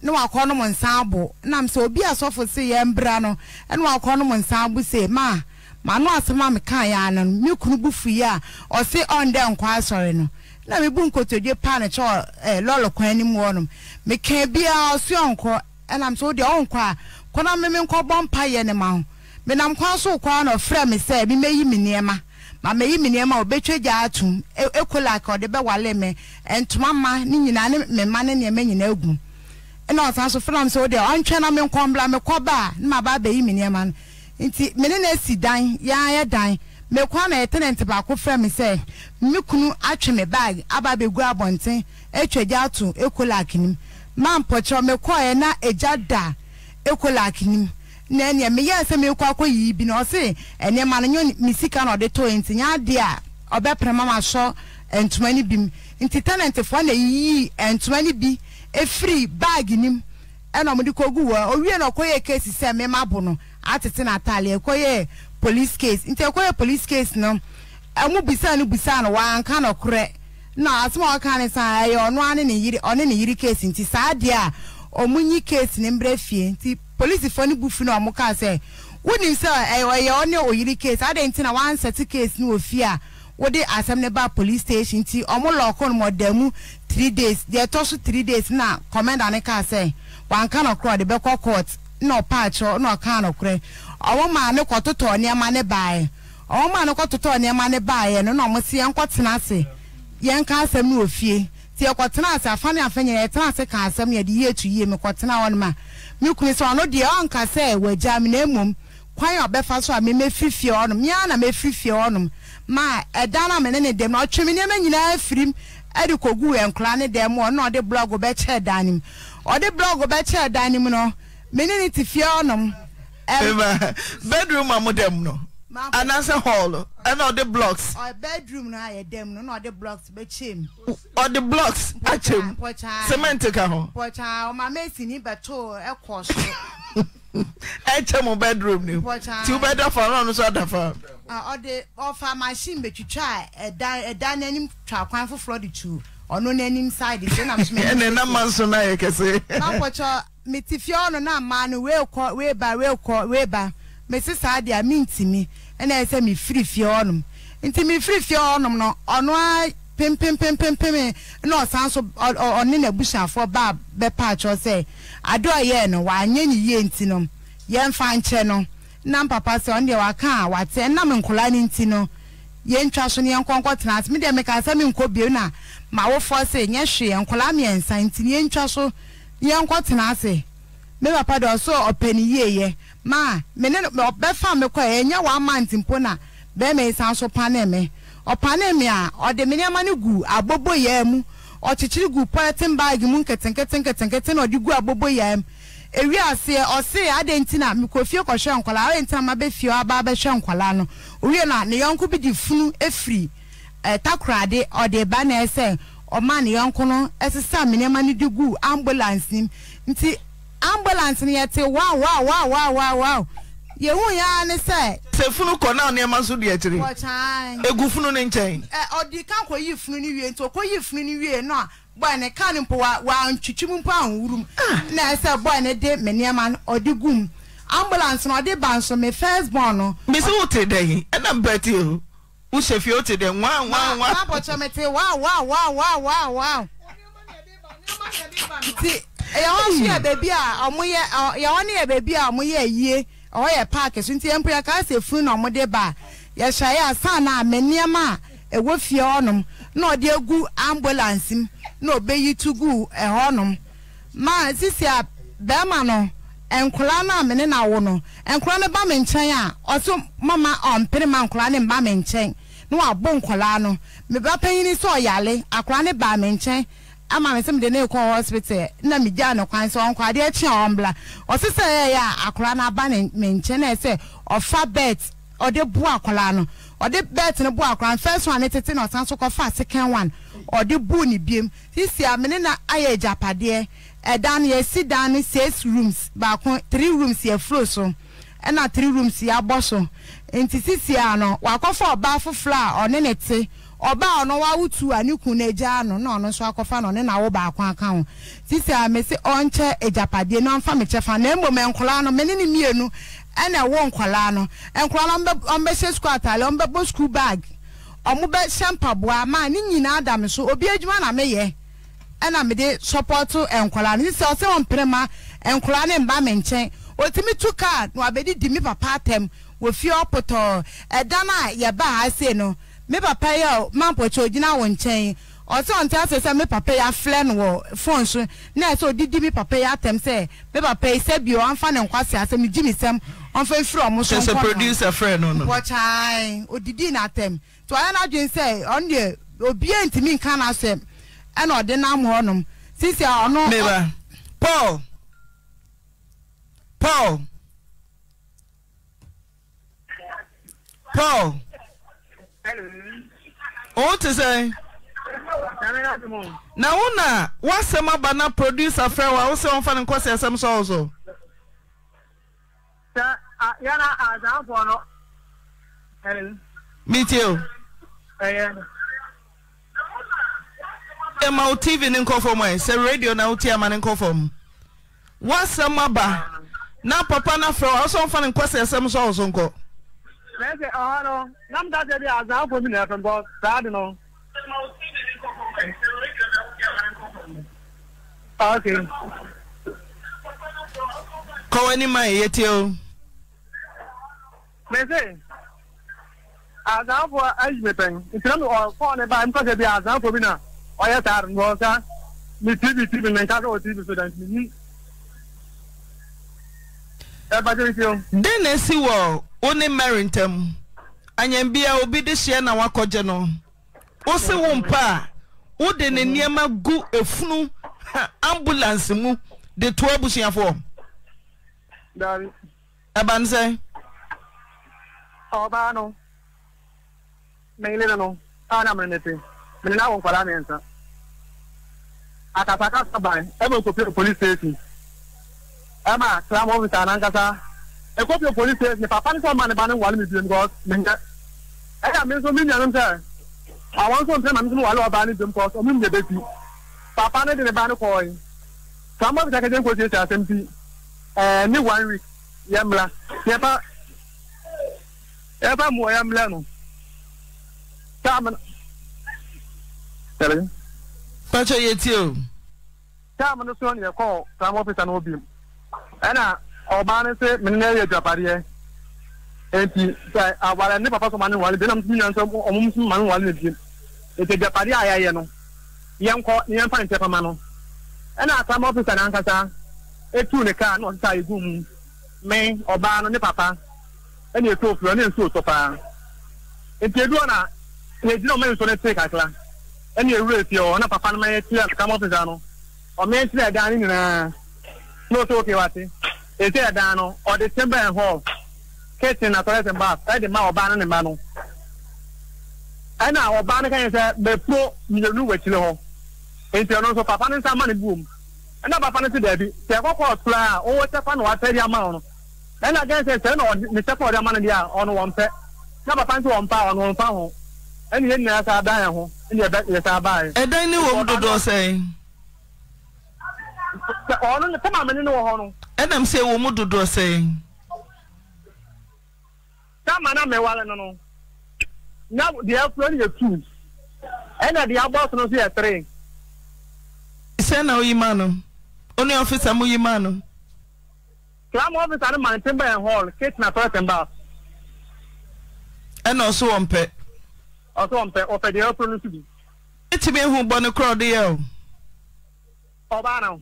ne wakɔ nom nsa abo nam sɛ obi asɔfo se yɛ mbra no ɛne wakɔ nom nsa abo se ma mano asɛm a meka yɛ ano no me kunu bu fui a ɔse ɔndɛ nkɔ asɔre no na mebu nkotodwe paa ne kyɛ eh, lɔlɔ kwan anim wɔ nom meka biara ɔse ɔnkɔ ɛnam sɛ wodeɛ ɔnkɔ a kɔna meme nkɔbɔ mpaeɛ ne ma ho menam kwan so koraa na ɔfrɛ me sɛ memɛyi me nneɛma ma mɛyi me nneɛma ɔbɛtwa gya atom e, ekola ka ɔde bɛwale me ntoma ma ne nyinaa ne me ma ne nneɛma nyinaa gu ɛna ɔsan so fram sɛ ɔde ɔntwɛn na me nkɔn bla me kɔ baa ne ma ba abɛyi me nneɛma no nti me ne na esi dan ya ayɛ dan mekwa na tenant baako frɛ me sɛ me kunu atwe me bag aba abɛgu abɔnten etwa gya ato ekola akenim maa mpɔkyerɛ mekɔɛ na egya da ekola akenim. na ɛnea meyɛ sɛ mekɔ akɔ yii bi na ɔse ɛnneɛma no nyɛ me sika na ɔde too nti nyɛ adeɛ a ɔbɛpere ma ma sɔ ntoma no bi mu nti tenantfoɔ na yiyii ntoma no bi efiri baagi nim ɛna ɔmo de kogu wɔ owie na ɔkɔyɛ case sɛ mema bo no atete n'ataale ɛkɔyɛ police case nti ɛkɔyɛ police case no ɛmo bisaa no bisaa no wanka no korɛ na asoma ɔka ne saa ɛyɛ ɔno ane ne yiri ɔne ne yiri case nti saa adeɛ a. omunye kesi ne mbrɛ fie nti polisifoɔ no bu fi na ɔmo kaa sɛ wonim sɛ ɛyɛ ɔne oyiri kesi adi nti na wansɛte case no ofi a wode asɛm ne ba police station nti ɔmo lɔɔko no days deɛ ɛtɔ so three days na commander ne sɛ wanka bɛkɔ court ɔka ɔmo maa ne nneɛma ase yɛn ka asɛm sɛ yɛkɔtena ase afa ne afa nyɛ yɛtena ase ka asɛm yɛde yie to yie mekɔtena hɔ no ma me kunu sɛ ɔno deɛ ɔnka sɛ wagya me na emu kwan a ɔbɛfa so a memɛfiri fie hɔnom mea na mɛfiri fie hɔnom ma ɛda no a mene ne dɛm no ɔtwe me nneɛma nyinaa firim ɛde kɔgu yɛ nkora ne dɛm mu ɔno ɔde blɔg bɛkyɛɛ dan no mu ɔde blɔg bɛkyɛɛ dan no mu no mene ne te fie hɔnom bedroom a modɛm no anaasɛ hall ɛna ɔde blocks. ɔ bedroom na ayɛ dɛm no na ɔde blocks bɛkyɛ mu. ɔde blocks akyɛ mu cement ka ho. pɔtya ɔma mesi ni bɛto ɛkɔ so. [laughs] ɛkyɛ mu bedroom ni ti wo bɛ da fa ɔno nso ada fa. ɔde ɔfa machine bɛtwitwa ɛda ɛda n'anim twa kwan foforɔ de tu ɔno n'anim side so na msumɛ. ɛna ɛnama nso na yɛ kɛse. na pɔtya meti fie ɔno na mmaa no wee kɔ wee ba wee kɔ wee ba mesi saa deɛ mi ntumi ɛna ɛsɛ mefiri fie hɔnom nti mefiri fie hɔnom no ɔno a pimpimpimpim na ɔsan so ɔne n'abusuafoɔ baa bɛpa atwɔ sɛ ade ɔyɛɛ no wanyɛ ne yie nti no yɛmfa nkyɛ no na mpapa sɛ ɔno deɛ waka a wate ɛnam nkɔla ne nti no yɛntwa so ne yɛnkɔnkɔ tena ase mi deɛ meka sɛ mi nkɔ biem na ma wofoɔ sɛ nyɛ hwee nkɔla mmiɛnsa nti yɛntwa so yɛnkɔ tena ase me papa deɛ ɔso ɔpɛ ne yie yɛ ma mene ɔbɛfa me kɔ ɛnyɛ one month mpo na bɛrima yi san so pane me ɔpane me a ɔde me nneɛma no gu abobo yɛn mu ɔkyekyere gu pɔlɛtin baag mu nketenkete nketenkete na ọdị gu abobo yɛn mu ewi aseɛ ɔse adan ti na mekɔ fie kɔhwɛ nkɔla adan ti na ma bɛ fie aba abɛhwɛ nkɔla no owie na ne yɔnko bi di funu efiri ɛɛ takoradi ɔde ba na ɛsɛ ọma ne yɔnko no ɛsesa me nneɛma no de gu ambulance nim nti ambulance ni yɛte wow wow wow wow wow wow yehu ya ne sɛ. sɛ funu kɔ naa nneɛma nso di akyire. kɔkyan. egu funu ne nkyɛn. ɛ ɔdi kan kɔ yi funu ni wie nti ɔkɔ yi funu ni wie a bɔn ne kan ne mpo wa wa ntwitwi mu mpo ahuru mu. Ah. na ɛsɛ bɔn ne de me nneɛma no ɔdi gum ambulance na ɔde ba nso me first born no. mesi o te dɛ yi ɛna mbɛ ti o wuhyɛ fie o te dɛ nwa nwa nwa. maa bɔtɔ mi te waaw waaw waaw waaw waaw. yɛwɔ nso mm. yɛ baabi a ɔmo yɛ yɛwɔ ɔwɔ yɛ paaki so nti mpo yɛka sɛ funu na ɔmo de ba yɛhwɛ yɛ asan na ama nneɛma a ɛwɔ fie hɔnom na ɔde egu ambulance mu na ɔbɛyi tu gu ɛhɔnom ma sisi a bɛrima no nkwadaa no a mene na awo no nkwadaa no ba me nkyɛn a ɔso mama ɔmpere ma nkwadaa no mba me nkyɛn na wabɔ nkwadaa no meba panyin sɛ ɔyale akwadaa no ba me nkyɛn. ama me sɛ mede ne kɔ hospital na megyaa no kwan sɛ ɔnkɔ adeɛ kye a ɔmbla ɔse sɛ ɛyɛ a akora no aba ne me nkyɛn na ɛsɛ ɔfa bet ɔde boa akora no ɔde bet no boa akora no first one ne tete na ɔsan so kɔfa second one ɔde bu ne biem sisi a me ne na ayɛ agyapadeɛ ɛdan no yɛsi dan no six rooms baako three rooms yɛ flow so ɛna three rooms yɛ so nti sisi a no wakɔfa ɔbaa foforɔ a ɔne ne te. ọba ọnọwa utu a n'ukwu kun no nọ no na ɔno nso akọfa nọ ne na wo baako aka ho sisi a mesi ɔnkyɛ agyapadeɛ na ɔmfa mekyɛ fa na mmom nkɔlaa no mene ne mmienu ɛna ɛwɔ nkɔlaa no nkɔlaa no ɔmbɛhyɛ sukuu ataale ɔmbɛbɔ sukuu baag ɔmobɛhyɛ mpaboa ma ne nyinaa da me so obi adwuma na meyɛ ɛna mede sɔpɔto nkɔlaa no sisi ɔsɛ ɔmprema nkɔlaa ne mba me nkyɛn otumi tu kaa na wabɛdi di mi papa atam wofie ɔpotɔɔ ɛdan a yɛbaa ase no me papa yi a mampɔtɔ ogyina wɔn nkyɛn ɔsɛ ɔnte ase sɛ me papa yi aflɛ no wɔ fone so na ɛsɛ odidi me papa yi atɛm sɛ me papa yi sɛ bio ɔnfa ne nkwasi asɛm gyi ne nsɛm ɔnfa nfiri ɔmo so nkɔ no producer frɛ no no wɔkyae odidi na atɛm to ɔyɛ n'adwene sɛ ɔno deɛ obiara ntumi nka n'asɛm ɛna ɔde nam hɔnom sisi a ɔno. meba paul paul paul. wowote sɛ na wonaa woasɛm aba na produsa frɛ wo a wos fa n s sɛmw seo ma wo tv ne nkɔfɔ m e sɛ radiona wotiama nɔm woasɛm aba na papa no frɛ wo a wo sɛ wofa ne nkɔse ɛsɛm s awo so nkɔ Nese ọha no, nam ta sẹ bi aza afọ mi na ẹfẹ mbọ saa di no. Ok. Kọ́wé ní máa yẹ tí o. Mèsè, aza afọ ayi mi pẹ̀yìn, ìtìlẹ̀ mi ọ̀kọ́ ni báyìí, nípa sẹ bi aza afọ mi na ọ̀yẹ́ saa di no ọ̀sá. Mi tiivi tiivi mi nka sọ̀rọ̀ tiivi so dantini. Ẹ bá jẹ́ mi tí o. Dẹ́nẹ̀ sí wọ̀. wo ne mary ntam anyambia obi de hyeɛ na woakɔgye no wo se wo mpa a wode ne nneɛma gu efunu ambulance mu de toa abusuafoɔ ɛba ne sɛ ɔbaa no no a na mene ne ekopio police station ne papa ne sɛ ɔma ne ba ne nwale mi bio because menyɛ ɛyà mi nso mi nuanom sɛ àwọn nso mpɛ maame nso nwale ɔbaa ne bio because ɔmo nyɛ bɛti papa ne de ne ba ne kɔɔ yi saa mbɔ bisɛ kɛse nkosi esi asɛm ti ɛɛ ne one week yɛ mla yɛ pa yɛ pa mu ɔyɛ mla no saa mi tɛlɛ. pàṣẹ yẹ ti o. sáà mi ni sọ ni ẹ kọ sáà mi ọfiisa ni ó bí mu ẹnna. ọbaa ni sẹ mi nẹ yẹ jabadeɛ eti sɛ awara ne papa sɔ ma ne wale bena mi na sɛ ɔmo mi ma ne wale ne bie eti jabadeɛ a yɛ yɛ no yɛn kɔ yɛn fa nkyɛn pama no ɛna asam ɔfisa n'ankasa etu ne kaa na ɔsesa egu mu mi ɔbaa no ne papa Ẹna etu ofurɔ ne nsu otɔ paa eti edu ɔna yɛgyina ɔmo nsu ne te kakra Ẹna ewura efie ọ na papa no ma yɛ ti asam ɔfisa no ɔmo yɛ ti na ɛdan ne nyinaa na o sɛ oke wa te. esi ɛdan no ɔde chamber and hall kitchen na toilet and bath ɛde ma ɔbaa no ne ma no ɛna ɔbaa no kanyɛ sɛ bɛpo mmienu wɔ akyire hɔ nti ɔno nso papa no nsa ma ne buom ɛna papa no sɛ ɛkɔkɔ ɔtura a ɔwɔ kyɛfa na ama no ɛna sɛ sɛ na ɔde ne ɔde ama no deɛ a ɔno wɔn pɛ na papa wɔn pa ɔno wɔn ho ɛna yɛn nyinaa saa dan ho ɛna yɛ saa baa ɛdan dodoɔ ɛnam sɛ wɔ mu dodoɔ sɛn sama na no no na deɛ afuro no yɛ ɛna deɛ no yɛ sɛ na woyi ma no ɔfisa mo yi ma no ɔfisa no hall e na tɔrɛtemba ɛna ɔso wɔ mpɛ ɔso wɔ mpɛ ɔpɛ deɛ afuro no so bi ɛtumi ehu bɔ ne korɔ de yɛ o ɔbaa na o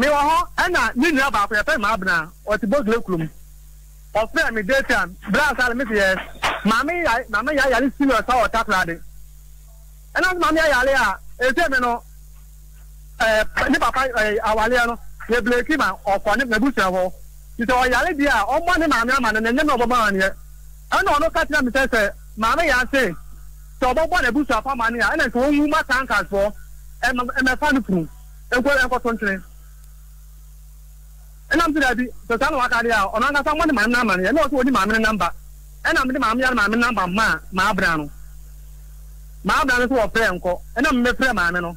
mewɔ hɔ ɛna ne nua baako yɛfɛ maa bena ɔte kurom ɔfrɛ maame ya maame ya serious a ɔta de ɛna so maame ya a ese mi no ne papa awaleɛ no ma ɔkɔ ɔyare deɛ a ɔmɔ ne maame ama na ɔbɛbɔ aneɛ ɛna ɔno katina mi sɛ sɛ maame ya se sɛ ɔbɛbɔ n'ebusua pama ne a ɛna sɛ ma tankas fɔ ɛmɛ ɛnam sɛ daabi sɛ saa na wakadeɛ a ɔno ankasa mmɔde maame no ama no ɛna ɔsɛ wɔdi maame no namba ɛna mede maame yare maame namba ma a maabra no maabra no sɛ wɔfrɛ nkɔ ɛna mmɛfrɛ maame no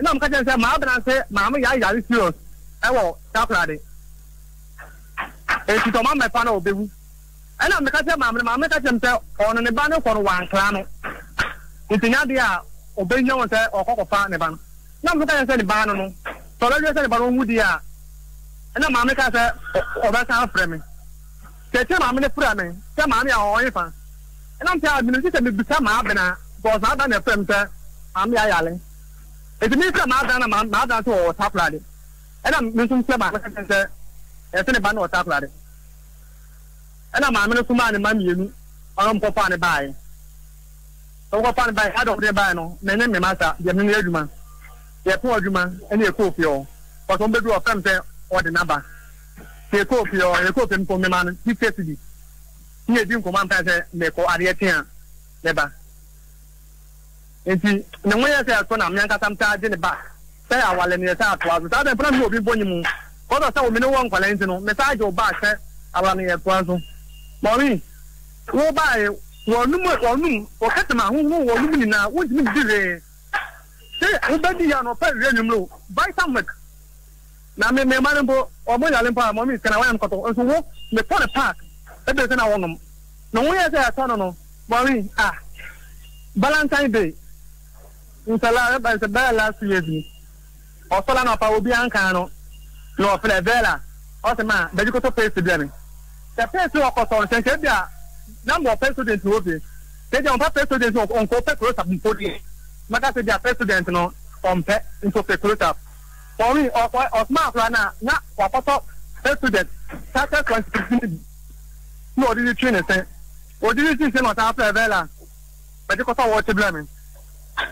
ɛna mka kyɛn sɛ maabra sɛ maame ɛwɔ ɛti mmɛfa no ɔbɛwu ɛna maame no maame ka kyɛm sɛ ɔno ne ba kɔ no wankra no a ɔbɛnya wɔ sɛ ɔkɔkɔfa ne ba no na kyɛn sɛ ne ba no no sɛ ɔbɛdwɛ sɛ ne ba no ɔwu a ɛna maame ka sɛ ɔbɛsan maame fura maame a ɔyɛ fa ɛna nti a maa bɔs na ɛfrɛ m sɛ maame ayale ɛti maa maada na maada sɛ wɔwɔ takorade ɛna me nso mfrɛ maame sɛ ɛsɛ ne ba na ɛna maame ne ma mmienu ɔno mpɔpaa ne baeɛ sɛ wokɔpaa ne baeɛ ne no na sa adwuma adwuma ɛne hɔ sɛ ɔde n'aba yɛkɔ ofi ɔ yɛkɔ ofi nkɔ mmɛma no bi fɛsi bi n yɛ di nkɔmɔ mpɛ sɛ mɛkɔ adeɛ tia n'ɛba nti ne ho yɛ sɛ ɛtɔ na mmea nkasa mtaa gye ne ba sɛ awale ne yɛ sɛ atoa so saa dɛ mpɛrɛ mi obi bɔ ne mu kɔdɔ sɛ omi ne wɔ nkwalɛ nti no mɛ saa gye o ba sɛ awale ne yɛ toa so mɔmi wo ba yɛ wɔnum wɔnum wɔkɛtɛm ahohoro wɔnum nyinaa wɔntumi di hwee sɛ wobɛdi yɛ anɔpɛ wie nwumro na me me mane mpo ɔmo nyale mpo a mo mi sikana wɔyɛ nkɔtɔ nso e wo me pɔ ne park ebi sɛ na wɔ nom na wo yɛ sɛ ɛtɔ no no mɔri a valentine day nsala ɛbɛn sɛ bɛyɛ last year bi ɔsɔla na ɔpa obi ankan no na ɔfrɛ bɛɛla ɔsɛ ma bɛdi koto peesi bia mi sɛ peesi ɔkɔtɔ nkyɛnkyɛn bi a namba ɔpɛ student wo bi sɛdeɛ ɔmpa pɛ student ɔnkɔ pɛ kuro tap mpo deɛ maka sɛ deɛ pɛ student no ɔmpɛ nso pɛ kuro tap wɔri ɔsoma afra na na wakɔtɔ eh, student tata constitution na ɔde ne twi ne sɛn ɔde ne twi sɛn na ɔsan afra ɛbɛla bɛde kɔtɔ wɔɔkye bila mi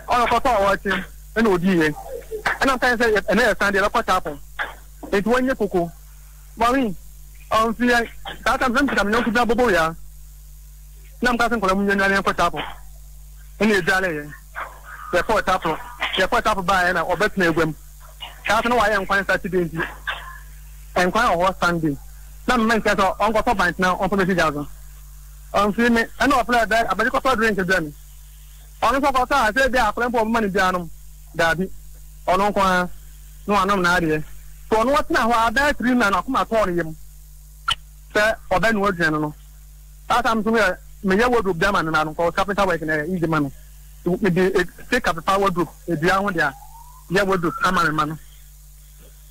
ɔyɛ kɔtɔ wɔɔkye ɛna odi yɛ ɛna nkan sɛ ɛna yɛ san deɛ ɛbɛkɔ chapel eti wɔnyɛ koko wɔri ɔnfi yɛ tata mi sɛm kita mi nyɔnko bi abobo ya na mu ka se nkɔla mu nyanya ne nkɔ e, chapel ɛna edi alɛ yɛ yɛ kɔ chapel yɛ kɔ chapel baa yɛ na ɔbɛtena egwam. saa so na wayɛ nkwan saturday nti nkwan wɔ hɔ sunday na mma nkyɛn sɛ ɔnkɔtɔ ban tena ɔmfa bɛsi gya so mi ɛna ɔpere ɛbɛ abɛgye kɔtɔ drink bia mi ɔno nso kɔtɔ a bi a na wanom n'adeɛ to ɔno wɔtena hɔ a tiri na n'akoma ne yam sɛ ɔbɛ nua no no mi nso yɛ ne nkɔ kapita na di ama ne ma no.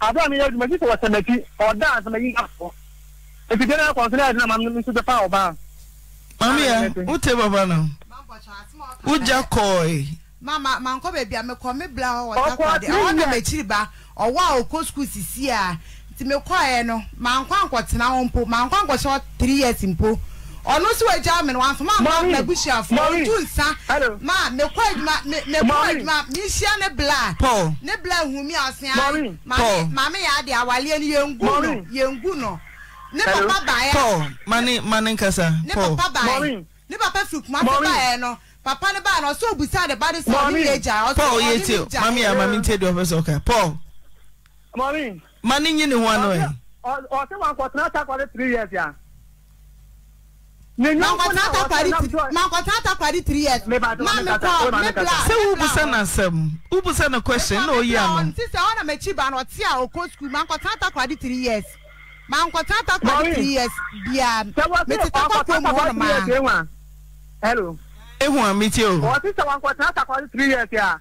abúlé mi yẹ ẹdùnmọ̀ sísè wọ̀ sẹ̀mẹ̀tì ọ̀dà àtẹ̀mẹ̀yìn àfọ̀ ètò ìdílé náà kọ̀ọ̀sẹ̀ náà ẹ̀dínà màmí mi tún fà ọ̀bá. mami ya o te baba na o ja kɔɔe. mama maa nkɔ beebi a mekɔ mi bila hɔ wɔta kɔ de ɔwɔ na m'akyiri ba ɔwɔ a okɔ sukuu sisi a ti mekɔɛ eh, no maa nkɔ ankɔtena hɔ mpo maa nkɔ ankɔhyɛ hɔ three years mpo ɔno nso wagya me no wamfama ama n'abusuafoɔ ɔtu nsa ma mekɔ adwuma mekɔ adwuma mehyia ne bla ne bla nhumi a ɔsea maame yɛ ade awaleɛ no yɛngu no yɛngu no ne papa baeɛ mane mane nkasa ne papa baeɛ ne papa firi kuma to baeɛ no papa ne baa no ɔsɛ obusa de ba de sɛ ɔne ne gya ɔsɛ ɔne ne gya mami a mami ntie deɛ ɔpɛ sɛ ɔka paul mane nyi ne ho ano ɛ ɔsɛ wankɔtena ta kɔde three years ya mankɔtata three years sɛ wobusa no asɛm wobusa no question na ɔyi ano sisɛ ɔna m'akyi ba no ɔte a ɔkɔ skul mankɔtata kwade three years mankɔtata kwade three years bia metete kɔkɔ mu three years a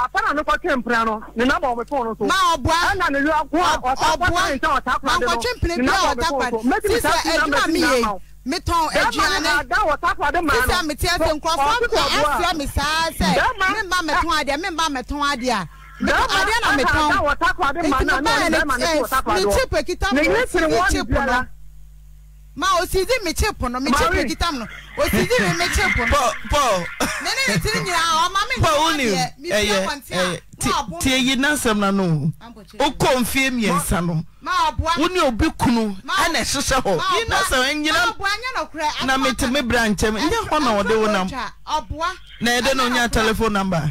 papa na nokɔ twe mpena no ne namba wɔ me fon no so ma ɔboa ɛna ne yɔko a ɔta kɔta ne nsa ɔta kɔta ne no mankɔtwe mpena bi a ɔta kɔta mitɔn aduane sisan mi tiɛ se nkurɔfoɔ nkɔ afia mi saa mi ma mi tɔn adeɛ mi ma mi tɔn adeɛ mitɔn adeɛ na mi tɔn nti mi ɛ mi chip ekita mi chip na. ma osidi meche pono meche pegitam no osidi meche [laughs] pono paul ne ne tiri nyinaa ọma mi paul ni ẹyẹ ẹyẹ ti eyi n'asẹm na no o kọ nfie mmiɛnsa no wo ni obi kunu ɛna ɛhyehyɛ hɔ yi n'asɛm nyina na mi me mi bira nkyɛn nyɛ hɔ na ɔde wo nam na ɛde no onyaa telephone number.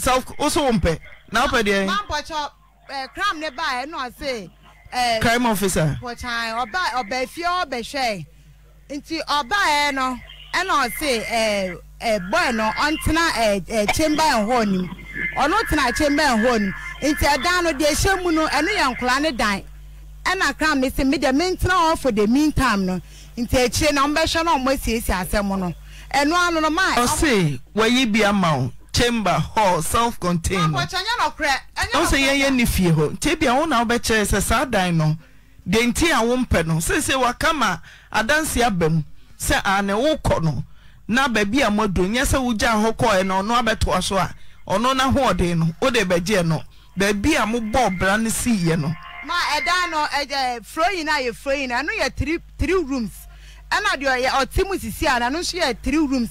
self woso wo mpɛ na wopɛ deɛ mampɔkyɛ kram ne baa ɛna ɔse crime officer pɔkyan ɔba ɔba efie ɔbɛhwɛ nti ɔbaeɛ no ɛna ɔse bɔɛ no ɔntena chamber and hall nim ɔno tena chamber and hall nim nti ɛdan no deɛ ɛhyɛ mu no ɛno yɛ nkɔla ne dan ɛna kram ne se mi deɛ mi for the meantime no nti akyire na ɔmo bɛhwɛ na ɔmo asiesie asɛm no ɛno ano no maa ɔse wɔyi bi ama wo chamber hall self contained no ɔsɛ yɛnyɛ ne fie hɔ nti bia wo na wobɛkyerɛ sɛ saa dan no deɛ nti a wompɛ no seesei wakama adanse aba mu sɛ ane wokɔ no na baabi a moadu nyɛ sɛ wogyaa hɔ kɔɛ no ɔno abɛtoa so na hoɔden no wode bɛgyeɛ no baabi a mobɔɔ bra no siiɛ no ma ɛdan no ɛɛ furo yi na yɛ furo yi three three rooms ɛna deɛ ɔyɛ ɔte mu sisi a three rooms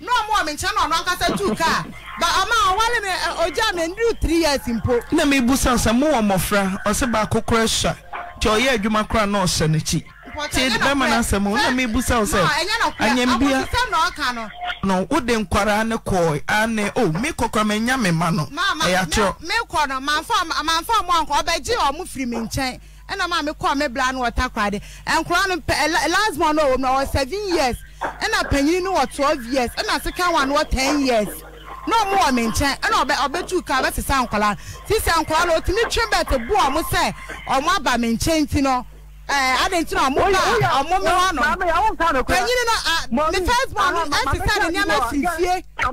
na ọmụ ọmụ na ɔno ankasa tu kaa ba ọma ɔwale na ɔgya mi nduru three years mpo. nne m ibu sansa mu wɔ mmɔfra ɔsɛ baako kora sa tí ɔyɛ adwuma kora na ɔhyɛ n'akyi tie bɛrima n'asɛm o e na m ibu sa ɔsɛ anyambia no e wode nkwara ne kɔɔ ane o mi kɔkɔrɔ mi nya mi ma no ɛyɛ mi kɔ no manfa manfa mu anko ɔbɛgye ɔmo firi mi nkyɛn maa e mi kɔɔ mi bla no ɔta kora de no last month mu na ɔwɔ seven years. ɛna panyin no wɔ twelve years ɛna second one wɔ ten years na ɔmo wɔ me nkyɛn ɛna ɔbɛ ɔbɛtu ka ɔbɛsesa nkɔla sisi nkɔla no otumi twɛn bɛt bu ɔmo sɛ ɔmo aba me nkyɛn ti no ɛɛ adi nti na ɔmo ba ɔmo mi hɔ no panyin no a ne first born no ɛsesa ne nneɛma si fie na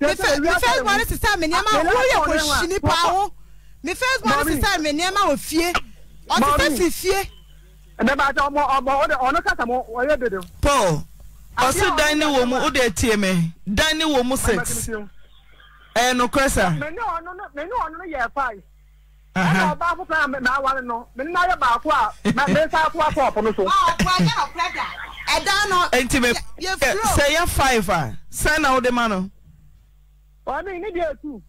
ne first born sesa me nneɛma wo yɛ kɔ si nipa wo ne first born sesa me nneɛma wɔ fie ɔtete si fie. mmebaakye ọmọ ọmọ ọno kasa mu ọyẹ dede. paul ọsẹ dan ni wọ mu ọdẹ tie mi dan ni wọ mu six ẹ nukurẹ sa. mẹni ọno mẹni ọno yẹ five. ẹna ọba akókò a mẹ awari no mẹni baako a mẹ nsa akó akó ọpọ no so. ọkọ ẹjẹ da no. five a na ọdẹ ma no. ọ̀nà ìní di etu. two.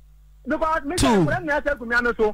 because mi sọ ẹkùnrin mi ẹsẹ ẹkùnrin mi so.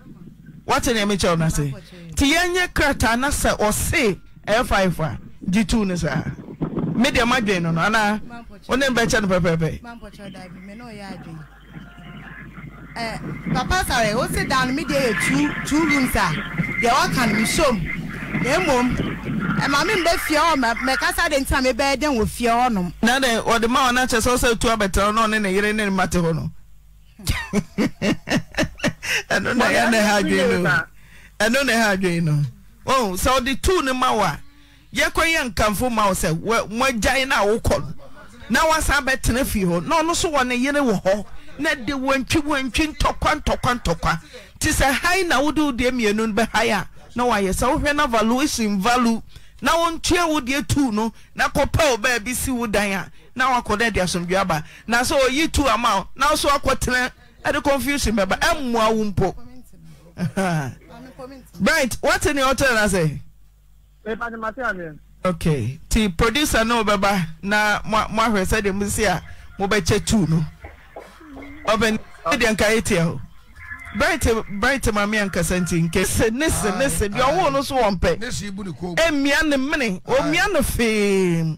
wate nea mekyɛw no ase nti yɛnyɛ krataa na sɛ ɔse ɛyɛ five a gye tu no saa me deɛ madwen no no anaa wo ne mbɛkyɛ no pɛpɛpɛ papa sare o si dan mi deɛ yɛ two two rooms a deɛ ɔka no nsom na emom maame mi bɛ fie hɔ mɛ mɛ kasa de ntina mi bɛ den wɔ fie hɔ nom. na de ɔde ma ɔna kyɛ sɛ ɔsɛ tu abɛtɛ ɔna ɔne ne yere ne ne ma te hɔ no. ɛno [laughs] na ɛyɛ na ha dwe no na no ɔn oh, sɛ ɔde ne ma a yɛkɔ yɛ nkamfo ma wo sɛ moagyae no a wokɔ no na wasan bɛtena na ɔno nso wɔ ne yere wɔ hɔ na de ntɔkwa ntɔkwa ntɔkwa te sɛ hae na wode wo deɛ mmienu a na wayɛ sɛ wohwɛ na valuation value na wɔntua wo deɛ no na kɔpɛ wo baabi nawakɔ de ade asomdwaba nasɛ ɔyi too ama na so wakɔtena de confusion bɛba mmoa wo mpobriht [laughs] wotne tnasɛti produser no o bɛba na moahweɛ sɛdeɛms a mɛkyɛ to no bright bright maame ankasa nti nkese nese. se ne se deɛ ɔwɔ no so wɔn pɛ emia ne mene omia ne fee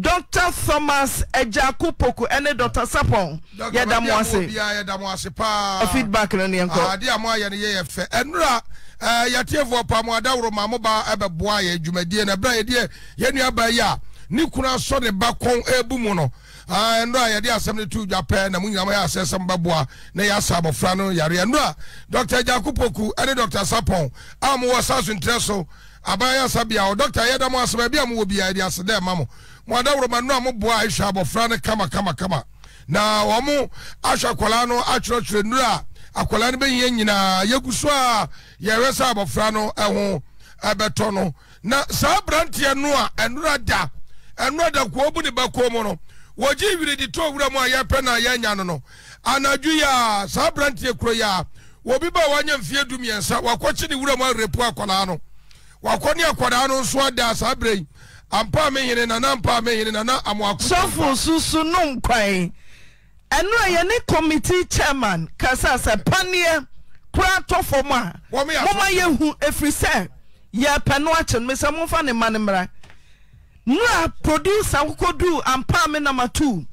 dr thomas ejaku poku ɛne dr sapon yɛda mo ase yɛda mo ase paa feedback no ne yɛn kɔ adeɛ a mo ayɛ no yɛ yɛ fɛ ɛnura yɛtiefoɔ paa mo adaworo ma mo ba ɛbɛboa yɛ dwumadie na ɛbɛrɛ yɛ deɛ yɛn nua ba yi a ne kunu asɔ ne ba kɔn ebu mu no. Ah, nnuro a yɛde asɛm no to dwa pɛ na mu nyinaa yɛ asɛ sɛm bɛboa na yɛasa abɔfra no yareɛ nnuro a dr gyakopoku ne dr sapɔn a mowɔ sa so ntrɛ so aban asa bia o dɔkta yɛda mo asɛ baabi a mowɔ bia yɛde ase dɛ ma mo mo adaworoma no a moboa a ɛhwɛ abɔfra no kama na wɔn ahwɛ akwaraa no atwerɛtwerɛ akwaraa no a sɛ abɔfra na saa aberanteɛ no a da wɔgye wiri de tɔ wura mu a yɛpɛ na yɛnya no no anadwo yɛ a saa aberanteɛ kuro yɛ a wɔbi ba a wanya mfie du mmiɛnsa wakɔkye ne wura mu awerɛpu akwadaa no wakɔ ne akwadaa no nso ada saa berɛ yi ampa me hene nana ampa me hene nana amoako sɔfo susu no nkwan ɛno a yɛne committee chairman kasa sɛ paneɛ kora atɔ fam a moma yɛhu ɛfiri sɛ yɛpɛ no akye no mesɛ momfa ne ma no mmra mmerɛ a produse wokɔduu ampaa me namatoo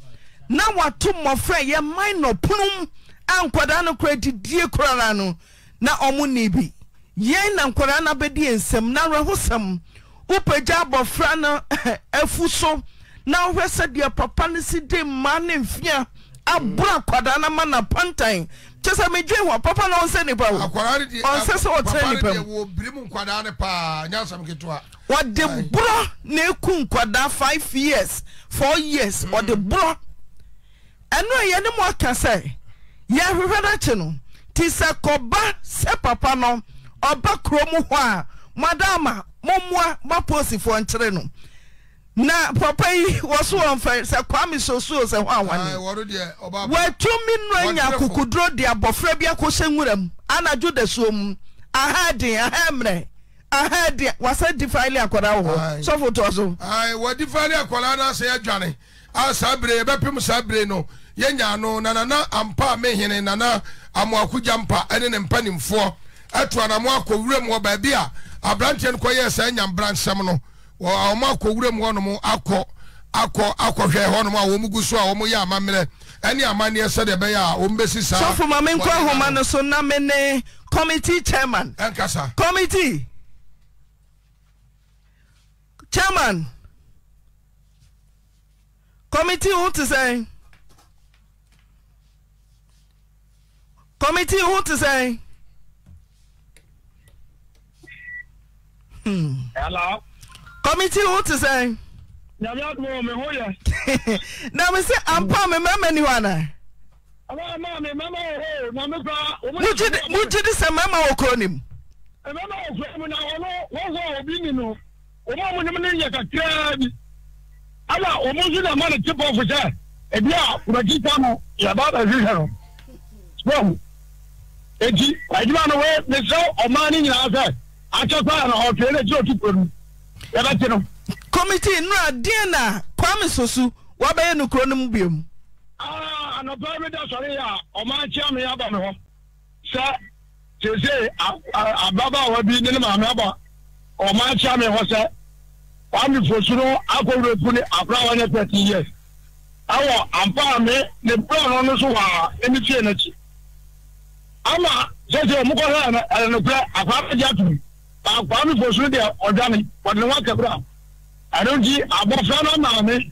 na wato mmɔfrɛ yɛ man nɔponom a nkwadaa no kora didie korara no na ɔmo ni bi na nkwadaa na bɛdi yɛ na werɛ [laughs] ho sɛm wopagya abɔfra no afu so na wohwɛ sɛdeɛ papa no si de mmaa ne mfia borɔ kwadaa no manapantakye sɛ medwe hɔ papa nsɛnipas s ɛniɔde borɔ ne ɛku nkwadaa 5 yeas f yeas mm. ɔde borɔ ɛno a yɛne mɔ aka sɛ yɛ ahwehwɛ da kye no nti sɛ kɔba sɛ papa no ɔba kuro mu hɔ a moada ama mommoa maaposifoɔ nkyere no na papa yi wɔso wɔn fɛ sɛ kwame sosuo sɛ hɔn awane mi no nya akokuduro de abɔfra bi akɔhyɛ nwura mu anadwo da suo mu aha den aha mmerɛ aha den wasa di faali akwadaa wɔ hɔ sɔfo so. ayi wɔdi faali akwadaa no ase adwane a saa bere yɛbɛpem saa bere no yɛnya ano na ampa ampa mehene nana amoakogya mpa ɛne ne mpanimfoɔ ɛto anamo akɔ wura mu wɔ baabi a aberanteɛ no kɔyɛɛ saa nyambra nsɛm no. wɔn akɔ wura hɔnom akɔ akɔ akɔhwɛ hɔnom a wɔn gu so a wɔn yɛ amammerɛ ɛne amanneɛ sɛdeɛ ɛbɛyɛ a wɔn bɛsi saa. sɔfo maame nkɔ ahoma no so na me ne chairman. ɛnkasa. chairman kɔmiti wo te sɛn. nyame adumo mi ho yɛ. na mi se ampa mi mɛmɛ ni wa na. mɛmɛ mi mɛmɛ wɔ hɔ na mi kura. mu jidi sɛ mɛmɛ wɔ kuro nim. mɛmɛ wɔ kuro mu na ɔno wɔn sɔ obi ni no wɔn a wɔn nim ne yɛ kakraa bi ala wɔn nso na ma ne ti pɔfu sɛ ebi a kuraki ta no yaba bɛ hwehwɛ no sɔm eti adwuma no wɔ ne sɛ ɔmaa ne nyinaa sɛ akyɛ kwan na ɔtwe ne ti o ti commitee nnura deɛ na kwame soso wabɛyɛ no kuro no mu biom ah, bi da a ɔmankyea me aba me hɔ sɛ sese ababaawa bi ne ne maame aba ɔmankyea me hɔ sɛ kwame fosu no thirty years ɛwɔ ne no so fie n'akyi ama akwami fosu deɛ ɔdwa wɔde ne ho akabra nti abɔfra na maame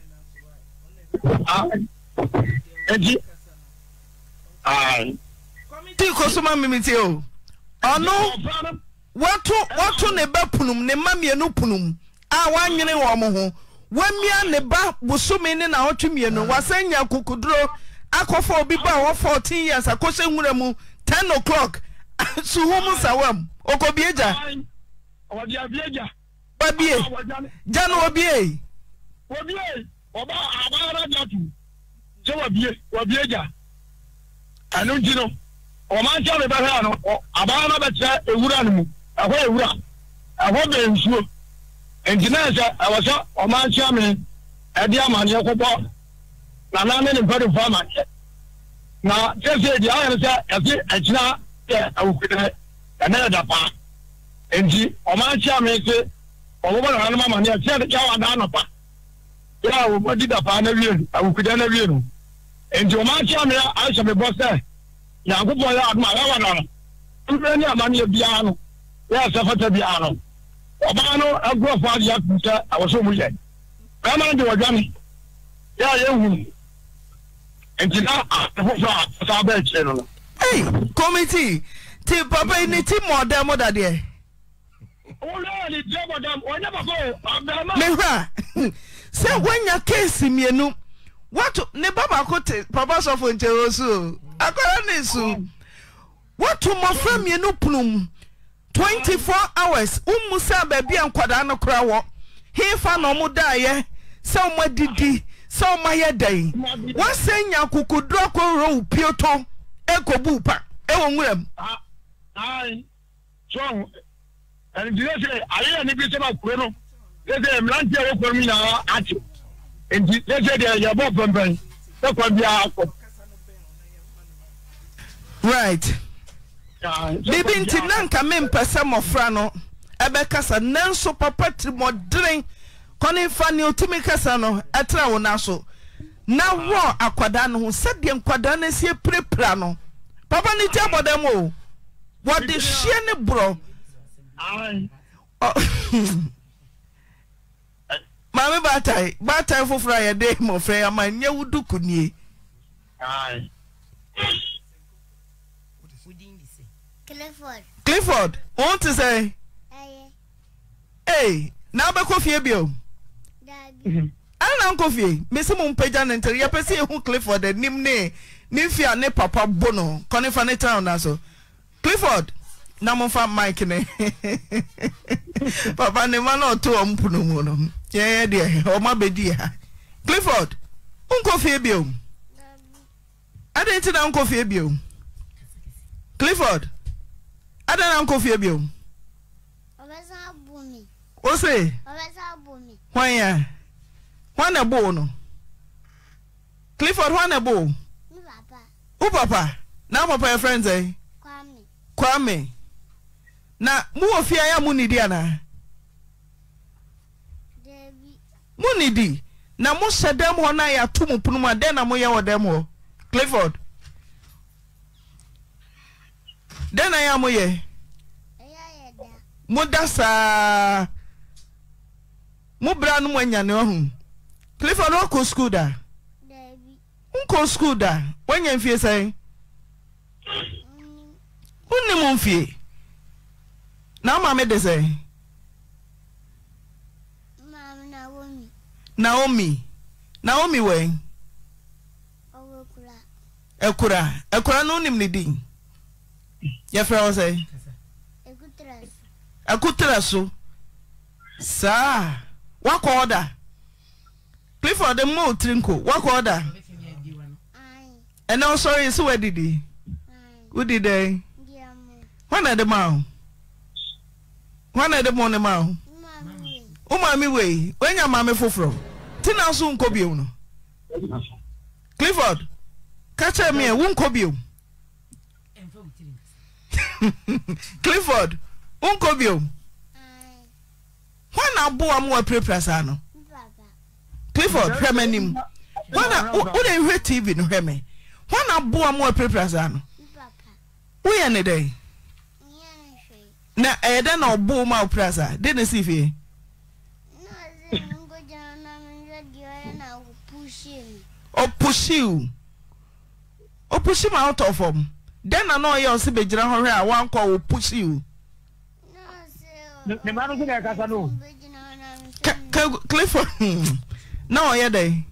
nti kosoma mimiti o ne ba punum ne punum a wanyere wɔn mo ho wamia ne ba bosome ne na ɔtwe mmienu wasan nya kukuduro akɔfa obi ba a fourteen years [laughs] ọ̀dì àbíyẹ jà. wabie jana wabie. wabie ọba àbára jà tù ṣé wabie wabie jà ẹnu jí no ọmọ nkya mi bẹ hẹ àná àbára bẹ kyerẹ ewura ni mu ẹhọ ewura ẹhọ bẹ nsuo nti náà sẹ ẹwọ sẹ ọmọ nkya mi ẹdi amaneɛ kɔbɔ nana ne ne mpɛrɛfo amaneɛ na sɛsɛ di ayɛ sɛ ɛsi ɛkyina yɛ awukuta ɛnɛ paa. nti ɔmankye ame sɛ ɔbɔbɔ na nanom amane ɛkyɛ de kyɛ wadaa a wie no wie nti ame ahyɛ me bɔ sɛ ya na no mmerɛ ne biara no yɛ sɛ fata biara no ɔbaa no agorɔfo adeɛ atom sɛ yɛ bɛrima de ya nti na ade a saa bɛɛ kyerɛ no no kɔmiti ti papa yi ti mehwɛ a [laughs] sɛ woanya kase mmienu wato ne ba baako te papa sɔfo nkyɛwɔ so akɔra ne su wato mmɔfra mmienu punum 24 hours womu sɛ baabi a nkwadaa no kora wɔ hefa na ɔmo daeɛ sɛ ɔmo adidi sɛ ɔmo ayɛ dan wasɛ nya kokoduro akɔwura wo pioto ɛkɔbu pa ɛwɔ nwura ah, ah, nti sɛ sɛ ayɛ ne bi sɛ ba kuro no sɛ sɛ mmeranteɛ a wɔkɔ no nyinaa ate nti sɛ sɛ deɛ yɛbɔ pɛmpɛn sɛ kwan biara kɔ right bibi nti na nka mempɛ sɛ mmɔfra no ɛbɛkasa nanso papa tirimɔderen kɔne fa ne otumi kasa no ɛtena wo na so na wɔ akwadaa no ho sɛdeɛ nkwadaa no si apirapira no papa ne ti abɔ dɛm o wɔde hyia ne borɔ [laughs] mame baat baate foforɔ a yɛde mɔfrɛ yaman nyɛ wodo kondiecliford ote sɛ nawbɛkɔ fie bio ana mhm. nankɔ fie mɛsomu mpɛgya ne nt yɛpɛ sɛ yɛhu cliford ani nmfi a ne papa bo no kɔnefa ne ta wona so na momfa mike ne papa ne ma na ɔto ɔ mpono mu no yɛyɛ deɛ ɔma bɛdi ha clifford nkɔ fie bio adɛn nti na nkɔ fie bio clifford adɛn na nkɔ fie bio o se hwan ya hwan na bo no clifford hwan na bo wo papa na wo papa yɛ friend sɛn kwame na mowɔ fie ayɛ a monnidi anaa nidi na mohyɛ dɛm hɔ na yɛato mu pono mu a dɛn na moyɛ wɔ dɛm hɔ clifford dɛn na yɛ a moyɛ moda saa mu bra no mu ne ɔhu clifford wɔkɔ skuul da nkɔ skuul da woanya mfie sɛn mm. wonni mu mfie nawoma mede sɛ naomi naomi wɛ kra kra no wonim ne din yɛfrɛ wo sɛ akutara so saa woakɔoda cliford mmao tirink woada ɛnɛ osɔre sɛ waadidi wodi dɛn hane de mao adnwaa a inab oakɛ naa na ɛyɛ dɛ na ɔbɔ mu a ɔpira sa de na si fie. ɔpusiw ɔpusi ma ɔtɔ fam dɛ na na ɔyɛ ɔsi bɛgyina hɔ hwɛ a wankɔ ɔpusiw. ne maa no si na ɛkasa no. ka ka clifford hmm. na ɔyɛ dɛ.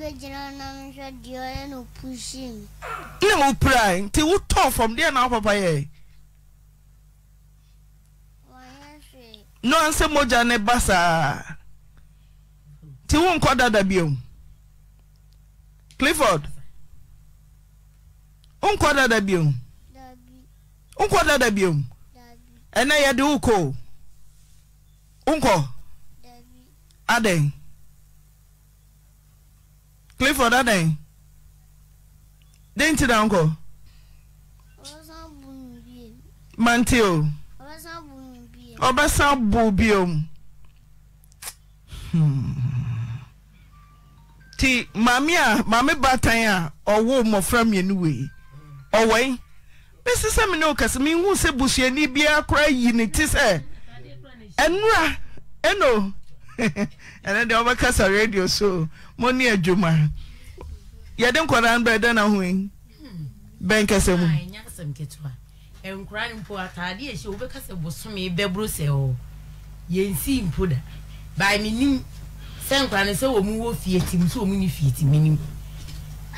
ne woprae nti wotɔ fom deɛ na wo papayɛnoan sɛ mogya ne basaa nti wo nkɔ dadabom clord w d dadabiom ɛnɛ yɛde wok wnkɔ ad clifford adan den ti da nkɔ. mante o. ɔbɛsan bu biom. Hmm. ti maame a maame baatan a ɔwɔ mmɔfra mmienu wei ɔwɔ yi bɛsi sɛ mi ne o kɛse mi hu sɛ busuani biara koraa yi ne ti sɛ ɛnura ɛno [laughs] ɛnɛ deɛ ɔbɛkasa radio so mo ní adwuma yɛde nkwadaa no bɛɛdɛ na ho yi bɛn kɛsɛ mu. nkwadaa no mpo ataadeɛ ɛhyɛ wobɛkasa bosome bɛburo sɛ ɔ yɛnsi mpo da baami nim sɛ nkwadaa no sɛ wɔn mu wɔ fie tim sɛ wɔn mu ni fie tim nim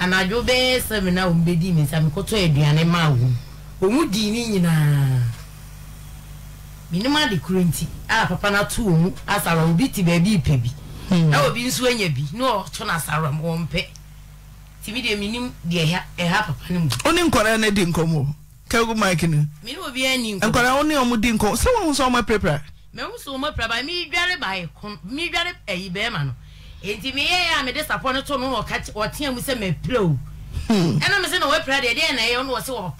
anadwo bɛyɛ sɛmi na wɔn bɛdi mi nsa mi kɔtɔ aduane maa wɔn wɔn di ni nyinaa minim adi kuro nti a papa no ato wɔn mu mm, asara obi ti baabi pɛ Hmm. na obi nso anya bi na ɔto no asara m wɔmpɛ nti me deɛ menim deɛ ɛha papa ne mu wone nkɔraa no di nkɔmmɔ kago mike no mene obiaa ni nkɔraa wo ne ɔmo di nkɔmmɔ sɛ wohu sɛ ɔma prapra mahu sɛ ɔma praba medware bae medware ayi bɛrima no enti meyɛɛ a mede sapɔ no to no na ɔteɛ mu sɛ mapirɛ o hmm. ɛna me sɛ na wɔapira deɛ deɛ na ɛyɛ wo na wɔ sɛ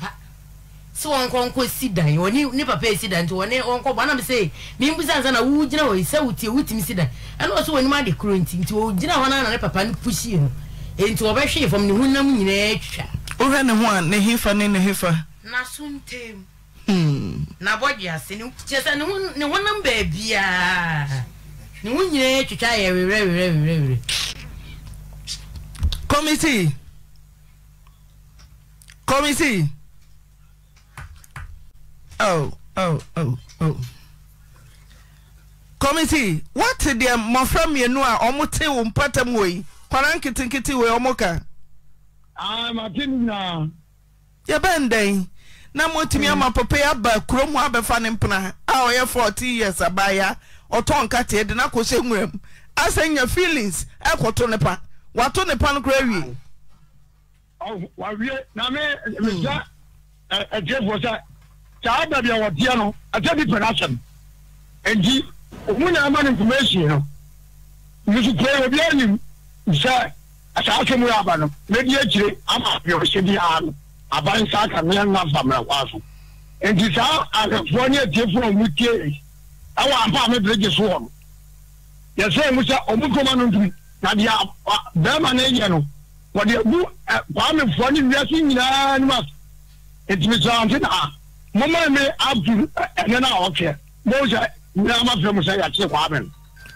sɛ wɔnkɔ nkɔ si dan ɔne ne papa si dan e, nti wɔne wɔnkɔ bɔ anam sɛ membusa ansa na wogyina hɔ sɛ wotie wotumi si dan ɛne ɔsɛ wɔnim ade koro nti nti ɔgyina hɔ nana ne papa no puhyie no nti wɔbɛhwee fam ne ho nam nyinaa atwa wohwɛ ne ho a ne hefa ne ne hefa naso ntam na hmm. bɔgye ase kyɛ sɛ ne ho nam baabiaa ne ho nyinaa twitwa yɛ werɛwerɛwerɛwerɛ committee committee oh oh oh oh committee mmienu a ọmụ te wo kwara nketenkete wɔ yi ka. Ah, mate no na yɛbɛn dɛn na ama papa ya aba kurom abefa ne a ọya forty years abaayewa ya nkateɛ de n'akɔhyɛ nwuram ne pa ne pa no na me mm. e, e, saa baabi a wɔteɛ no ɛsɛ bi pɛrɛ asɛm nti ɔmu nyɛ ama no information no nso kura obi anim sɛ saa asɛm yɛ aba no mɛdi akyire ama apɛwɔhyɛ biara no aba nsa aka mmea nna fa mmerɛkwa so nti saa ahwɛfoɔ ne atiefoɔ a ɔmu tie ɛwɔ ampa a mɛbere gye so wɔ no yɛsɛ mu sɛ ɔmu kɔma no ntum na deɛ bɛrima no yɛ no wɔde agu kwaamefoɔ ne wiase nyinaa no ma ɛtumi sɛ ante naa mọ́mọ́ mi abdul eh, ẹ̀nẹ́ náà ọ̀kẹ́ mọ́ọ́sẹ̀ ní a máa fẹ́ mu sẹ́ yàtí kọ́ abẹ́n.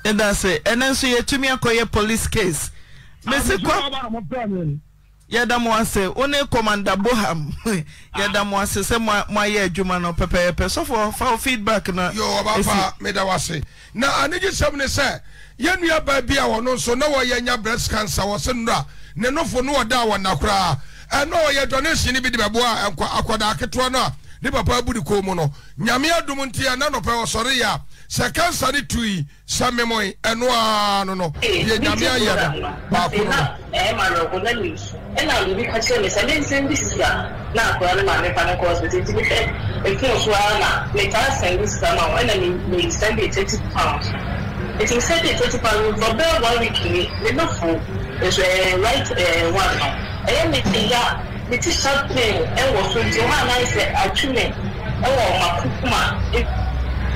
ẹ dà sẹ ẹnẹ nso yẹ tumi akọ yẹ police case. mesi kọ yɛda mo ase wo ne kɔmanda boham yɛda mo ase sɛ moayɛ adwuma no pɛpɛɛpɛ sɔfoɔ fa wo feedback na yɔwɔbapa meda wo ase na anegye sɛm ne sɛ yɛnnua baa bi a wɔno nso na wɔyɛ nya breast cancer wɔ se nnora ne nofo no wɔda a wɔna koraa ɛno ɔyɛ donation no bi de bɛboa akɔdaa ketewa no ne papa abu ne kɔn mu no nyame adum nti a na nɔpɛ ɔsɔre yɛ a sɛ kansa ne tu sɛ memoe ɛno a no no eh, yɛ nyame ayɛ no baako no na eh, akɔrɔ ne maame pa ne kɔ hospital nti mehwɛ mfin so ara na metaa sɛn bi sika ma ɛna me bi thirty pounds nti me sɛn bi thirty pounds for bɛɛ one week ni me bɛ fo nso ɛɛ eh, right ɛɛ one no ɛyɛ me ti ya mete something ɛwɔ so nti wɔn a nan sɛ atwene ɛwɔ wɔn akoko ma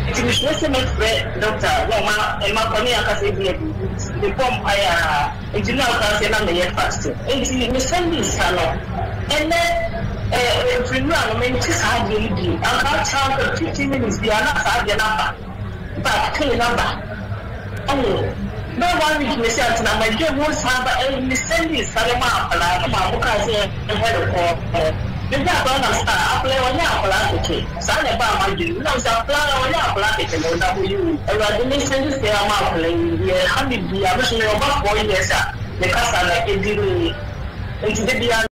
nti mesua sɛ mɛfrɛ doctor na ɔma ɛma kɔ ne akasa ebi na biribi nti de bɔ mpaeɛ a nti na ɔka sɛ na meyɛ fasting nti mesan bi nsa no ɛnɛ ɛɛ mfirinwi a wɔn nti saa adeɛ yi bi anka akyerɛ anka fifteen minutes bi a na saa adeɛ naba ba kele naba ɛwɔ no one week ne sɛ ntena ma gye mu saa ba ne sɛndi sare ma akwadaa ne maako kaa sɛ ɛhɛ de kɔɔ ne bi akwadaa nam saa akwadaa wɔnyɛ akwadaa kɛkɛ saa na ɛba ama gye mu nam sɛ akwadaa na wɔnyɛ akwadaa kɛkɛ na ɔda hɔ yi o awurade ne sɛndi sɛ ama akwadaa yi yɛ ha ne bi a bɛ so ne ɔba kɔɔ yɛ sa ne kasa na ɛdi ne nti de bi